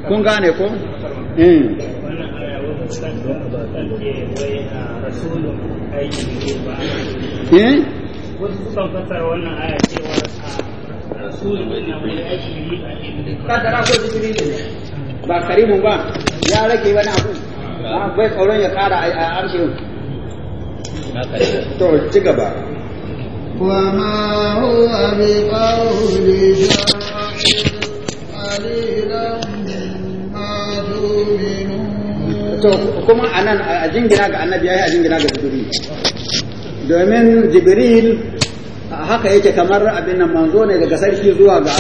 kun gane ko eh. Eh? ba ba ya rage wani abu bai tsoron ya kara a arshin to ci gaba وما هو بقول شاعر to kuma anan a jingina ga annabi yayi a jingina ga jibril domin jibril haka yake kamar abin nan manzo ne daga sarki zuwa ga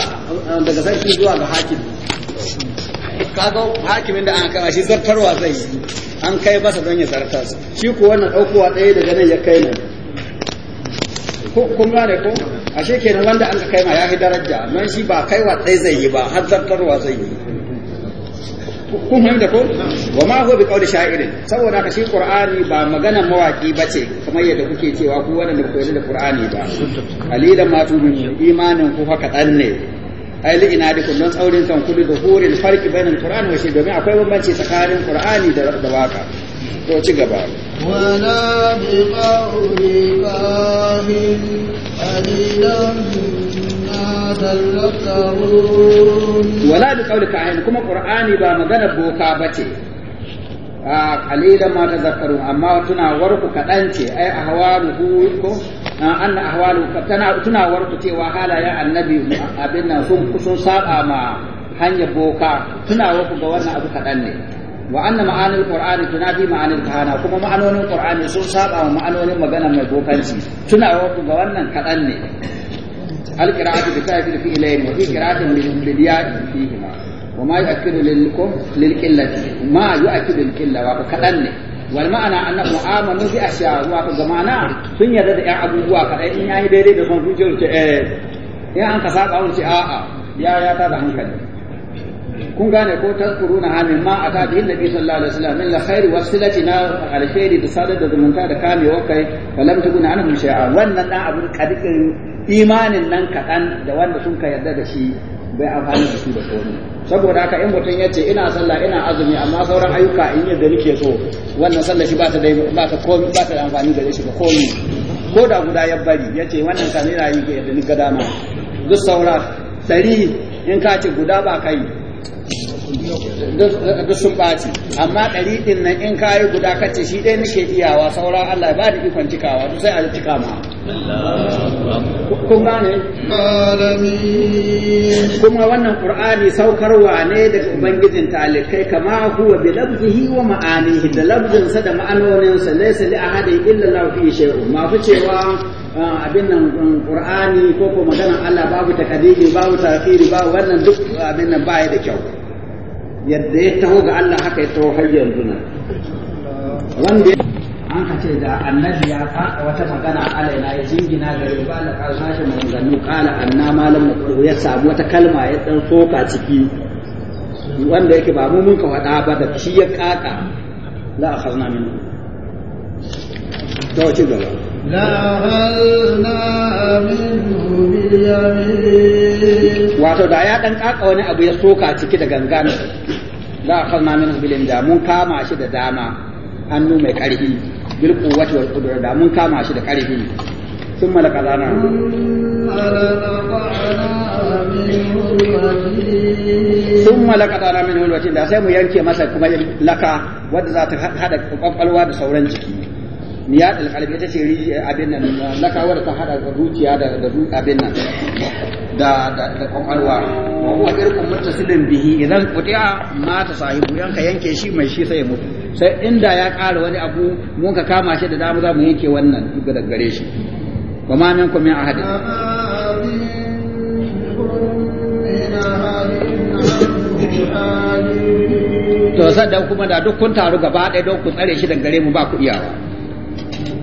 daga sarki zuwa ga hakim kaga hakimin da an kama shi zartarwa zai yi an kai masa don ya zartar shi ko wannan daukowa ɗaya daga nan ya kai nan kun gane ko ashe kenan wanda an kai ma ya fi daraja don shi ba kaiwa wa zai yi ba har zai yi kun fahimta ko wa ma huwa bi qawli sha'irin saboda ka shi qur'ani ba maganar mawaki bace kamar yadda kuke cewa ku wanda ku yarda da qur'ani ba alila ma tu'minu imanin ku haka dan ne ai li ina da kullun tsaurin kan kudu da hurin farki bayanin qur'ani wa shi domin akwai bambanci tsakanin qur'ani da da waka to ci gaba wala bi qawli wala da qawli kahin kuma qur'ani ba magana boka ba ce a ƙalilan ma zakaru amma tunawar ku kaɗan ce ai a ahwaluhu ko an na hawa tana tunawar ku cewa halayen annabi abin nan sun saba ma hanya boka tunawar ku ga wannan abu kaɗan ne wa anna ma'anil qur'ani tunafi ma'anil kahana kuma ma'anonin qur'ani sun saba wa ma'anonin magana mai bokanci tunawar ga wannan kadan ne alqira'atu bi ta'fil fi ilayhi wa fi qira'atin lil yadi fihi ma wa ma yu'akkidu lil kum lil qillati ma yu'akkidu lil qilla wa kadan ne wal ma'ana annahu amanu bi ashiya wa ga ma'ana sun yarda da ƴan abubuwa kadai in yayi daidai da son zuciyar ce eh in an ka saba wuce a'a ya ya ta da hankali kun gane ko tazkuruna ha mimma ata bihi nabi sallallahu alaihi wasallam min khair wasilati na alkhairi da sadar da zumunta da kamewa kai falam tuguna anhum shay'a wannan dan abun kadikin imanin nan kadan da wanda sun ka yarda da shi bai amfani da su da komai saboda haka in mutum yace ina sallah ina azumi amma sauran ayyuka in yadda nake so wannan sallah shi ba ta da ba ta komai ba ta amfani da shi ba komai ko da guda ya bari yace wannan kan ina yi yadda ni ga dama duk saura dari in ka ce guda ba kai da sun ɓaci amma ɗari ɗin nan in kayi guda kace shi ɗaya nake iyawa sauran Allah ba da ikon cikawa duk sai a cika ma kun gane kuma wannan qur'ani saukarwa ne daga ubangijin talikai kama huwa bi lafzihi wa ma'anihi da lafzinsa da ma'anoninsa laysa li ahadin illa lahu fi shay'un ma cewa abin nan um, qur'ani ko ko magana Allah babu takadiri babu tafsiri babu wannan duk abin nan baya da kyau yadda ya taho ga Allah haka ya taho har yanzu na. wanda an ka ce da annabi ya faɗa wata magana Allah ya jingina gare ba da kasashe maganganu kala anna malam ya samu wata kalma ya dan soka ciki wanda yake ba mu mun ka faɗa ba da shi ya kaka la akhazna minhu to ci gaba wato da ya dan kaka wani abu ya soka ciki da gangan la na min bilin da mun kama shi da dama hannu mai karfi bil quwwati wal qudrah da mun kama shi da karfi sun malaka zana sun malaka zana min hulwatin da sai mu yanke masa kuma laka wadda za ta hada kwakwalwa da sauran jiki niyad al-qalbi ita ce abin nan kawar ta hada da zuciya da abin nan da da kwakwalwa wa huwa irkun muttasilin bihi idan ma mata sahibu yanka yanke shi mai shi sai mutu sai inda ya ƙara wani abu mun ka kama shi da dama za mu yanke wannan duk da gare shi wa ma minkum min ahadin to da kuma da duk kun taru gaba ɗaya don ku tsare shi daga gare mu ba ku iyawa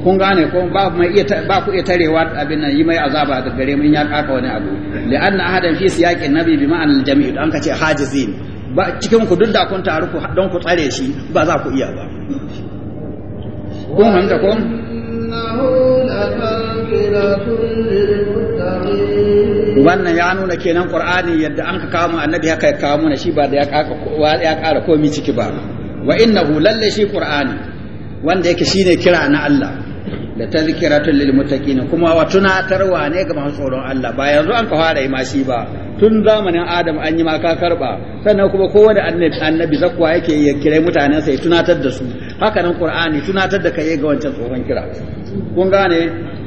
kun gane ko ba mai iya ba ku iya tarewa abin nan yi mai azaba da gare mun ya kaka wani abu li anna ahadan fi siyaqin nabi bi ma'an al jami' dan ka ce hajizin ba cikin ku duk da kun taru ku don ku tsare shi ba za ku iya ba kun hanta ko wannan ya nuna kenan qur'ani yadda an ka kawo mu annabi haka ya kawo mu shi ba da ya kaka ya kara komai ciki ba wa innahu lalle shi qur'ani wanda yake shine kira na Allah da tazkiratul lil muttaqin kuma wa tunatarwa ne ga masu tsoron Allah ba yanzu an ka fara yi ma shi ba tun zamanin Adam an yi ma ka karba sannan kuma kowane annabi annabi zakwa yake ya kira mutanen sai tunatar da su haka nan Qur'ani tunatar da kai ga wancan tsoron kira kun gane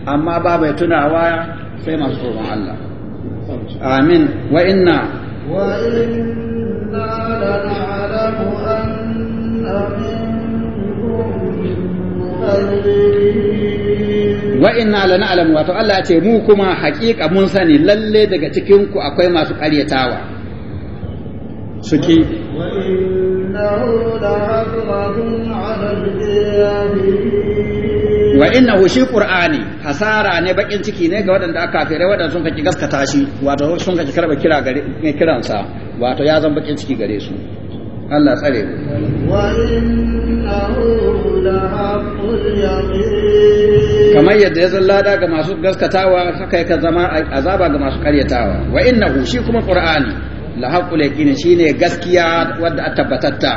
amma ba bai tunawa sai masu tsoron Allah amin wa inna wa inna la na'lamu anna wa inna la alamu wato Allah ya ce mu kuma haƙiƙa mun sani lalle daga cikin ku akwai masu ƙaryatawa suki wa hu shi qur'ani hasara ne bakin ciki ne ga waɗanda aka kafire waɗanda sun kaki gaskata shi wato sun kaki karba kira gare kiransa wato ya zan bakin ciki gare su Allah tsare kamar yadda ya zallada ga masu gaskatawa haka ka zama azaba ga masu karyatawa wa innahu shi kuma qur'ani la haqqul yaqin shine gaskiya wadda a tabbatatta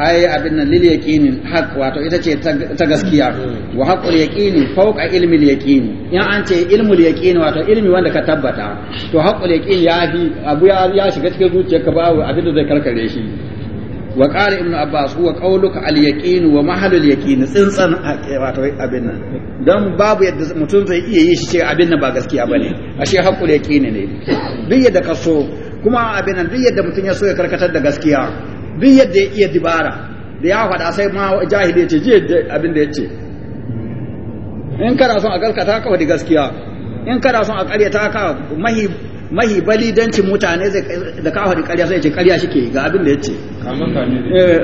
ai abin nan lil yaqinin haqq wato ita ce ta gaskiya wa haqqul yaqini fawqa ilmi al yaqini in an ce ilmu al yaqini wato ilmi wanda ka tabbata to haqqul yaqini ya fi abu ya shiga cikin zuciyarka ba abin da zai karkare shi wa qala ibnu abbas huwa qawluka al yaqin wa mahal al yaqin tsintsan eh, wato abin nan dan babu yadda mutum zai iya yi shi ce abin nan ba gaskiya bane ashe haqqul yaqin ne duk yadda ka so kuma abin nan duk yadda mutum ya so ya karkatar da gaskiya duk yadda ya iya dibara da ya faɗa sai ma jahili ya ce je abin da ya ce in kana son a karkata ka faɗi gaskiya in kana son a ta ka mahi mahi balidancin mutane da ka faɗi ƙarya sai ce ƙarya ke ga abin da ya ce eh,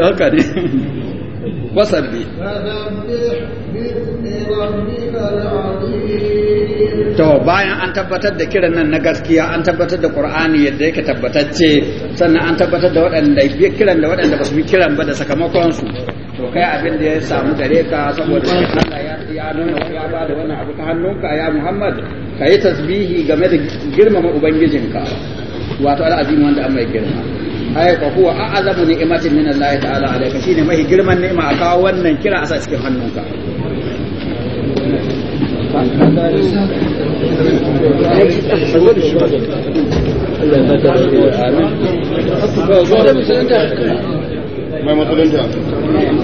wasabbi to bayan an tabbatar da kiran nan na gaskiya an tabbatar da qur'ani yadda yake tabbatacce sannan an tabbatar da waɗanda kiran da waɗanda ba su bi kiran ba da sakamakon su to kai abin da ya samu gare ka saboda Allah ya nuna ya ba da wannan abu ta hannunka ya Muhammad ka yi tasbihi game da girmama ubangijinka wato al'azim wanda an mai girma ai fa huwa a'zamu ni'matin min Allah ta'ala alayka shine mai girman ni'ima a kawo wannan kira a sa cikin hannunka mai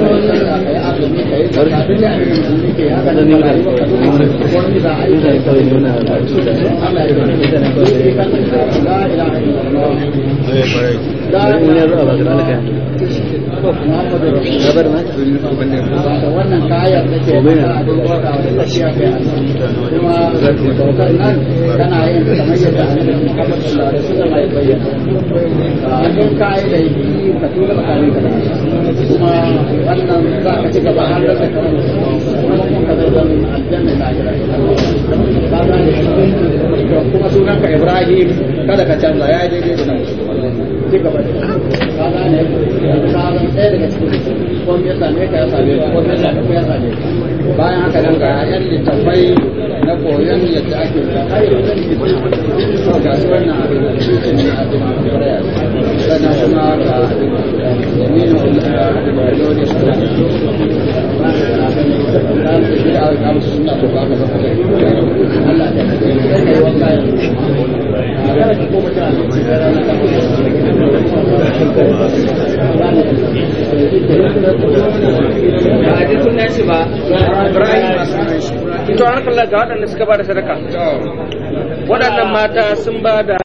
لا إله إلا الله wannan kayar da ke kuma saukar nan tana yin kamar yadda yi kamar da su da mai bayyana da yi ka tura ka kuma wannan za ci gaba har da kamar kuma da sunanka ibrahim kada ka canza ya yi daidai da nan ci gaba da ka gane ɗaya daga cikin ya same ka ya same ka ya same ka ya same ka bayan haka nan ga ƴan littafai na koyon yadda ake da kai to ga shi wannan abin da shi ne a cikin sannan kuma ga da suna Allah ya to Ito kalla ga waɗanda suka ba da sadaka waɗannan mata sun ba da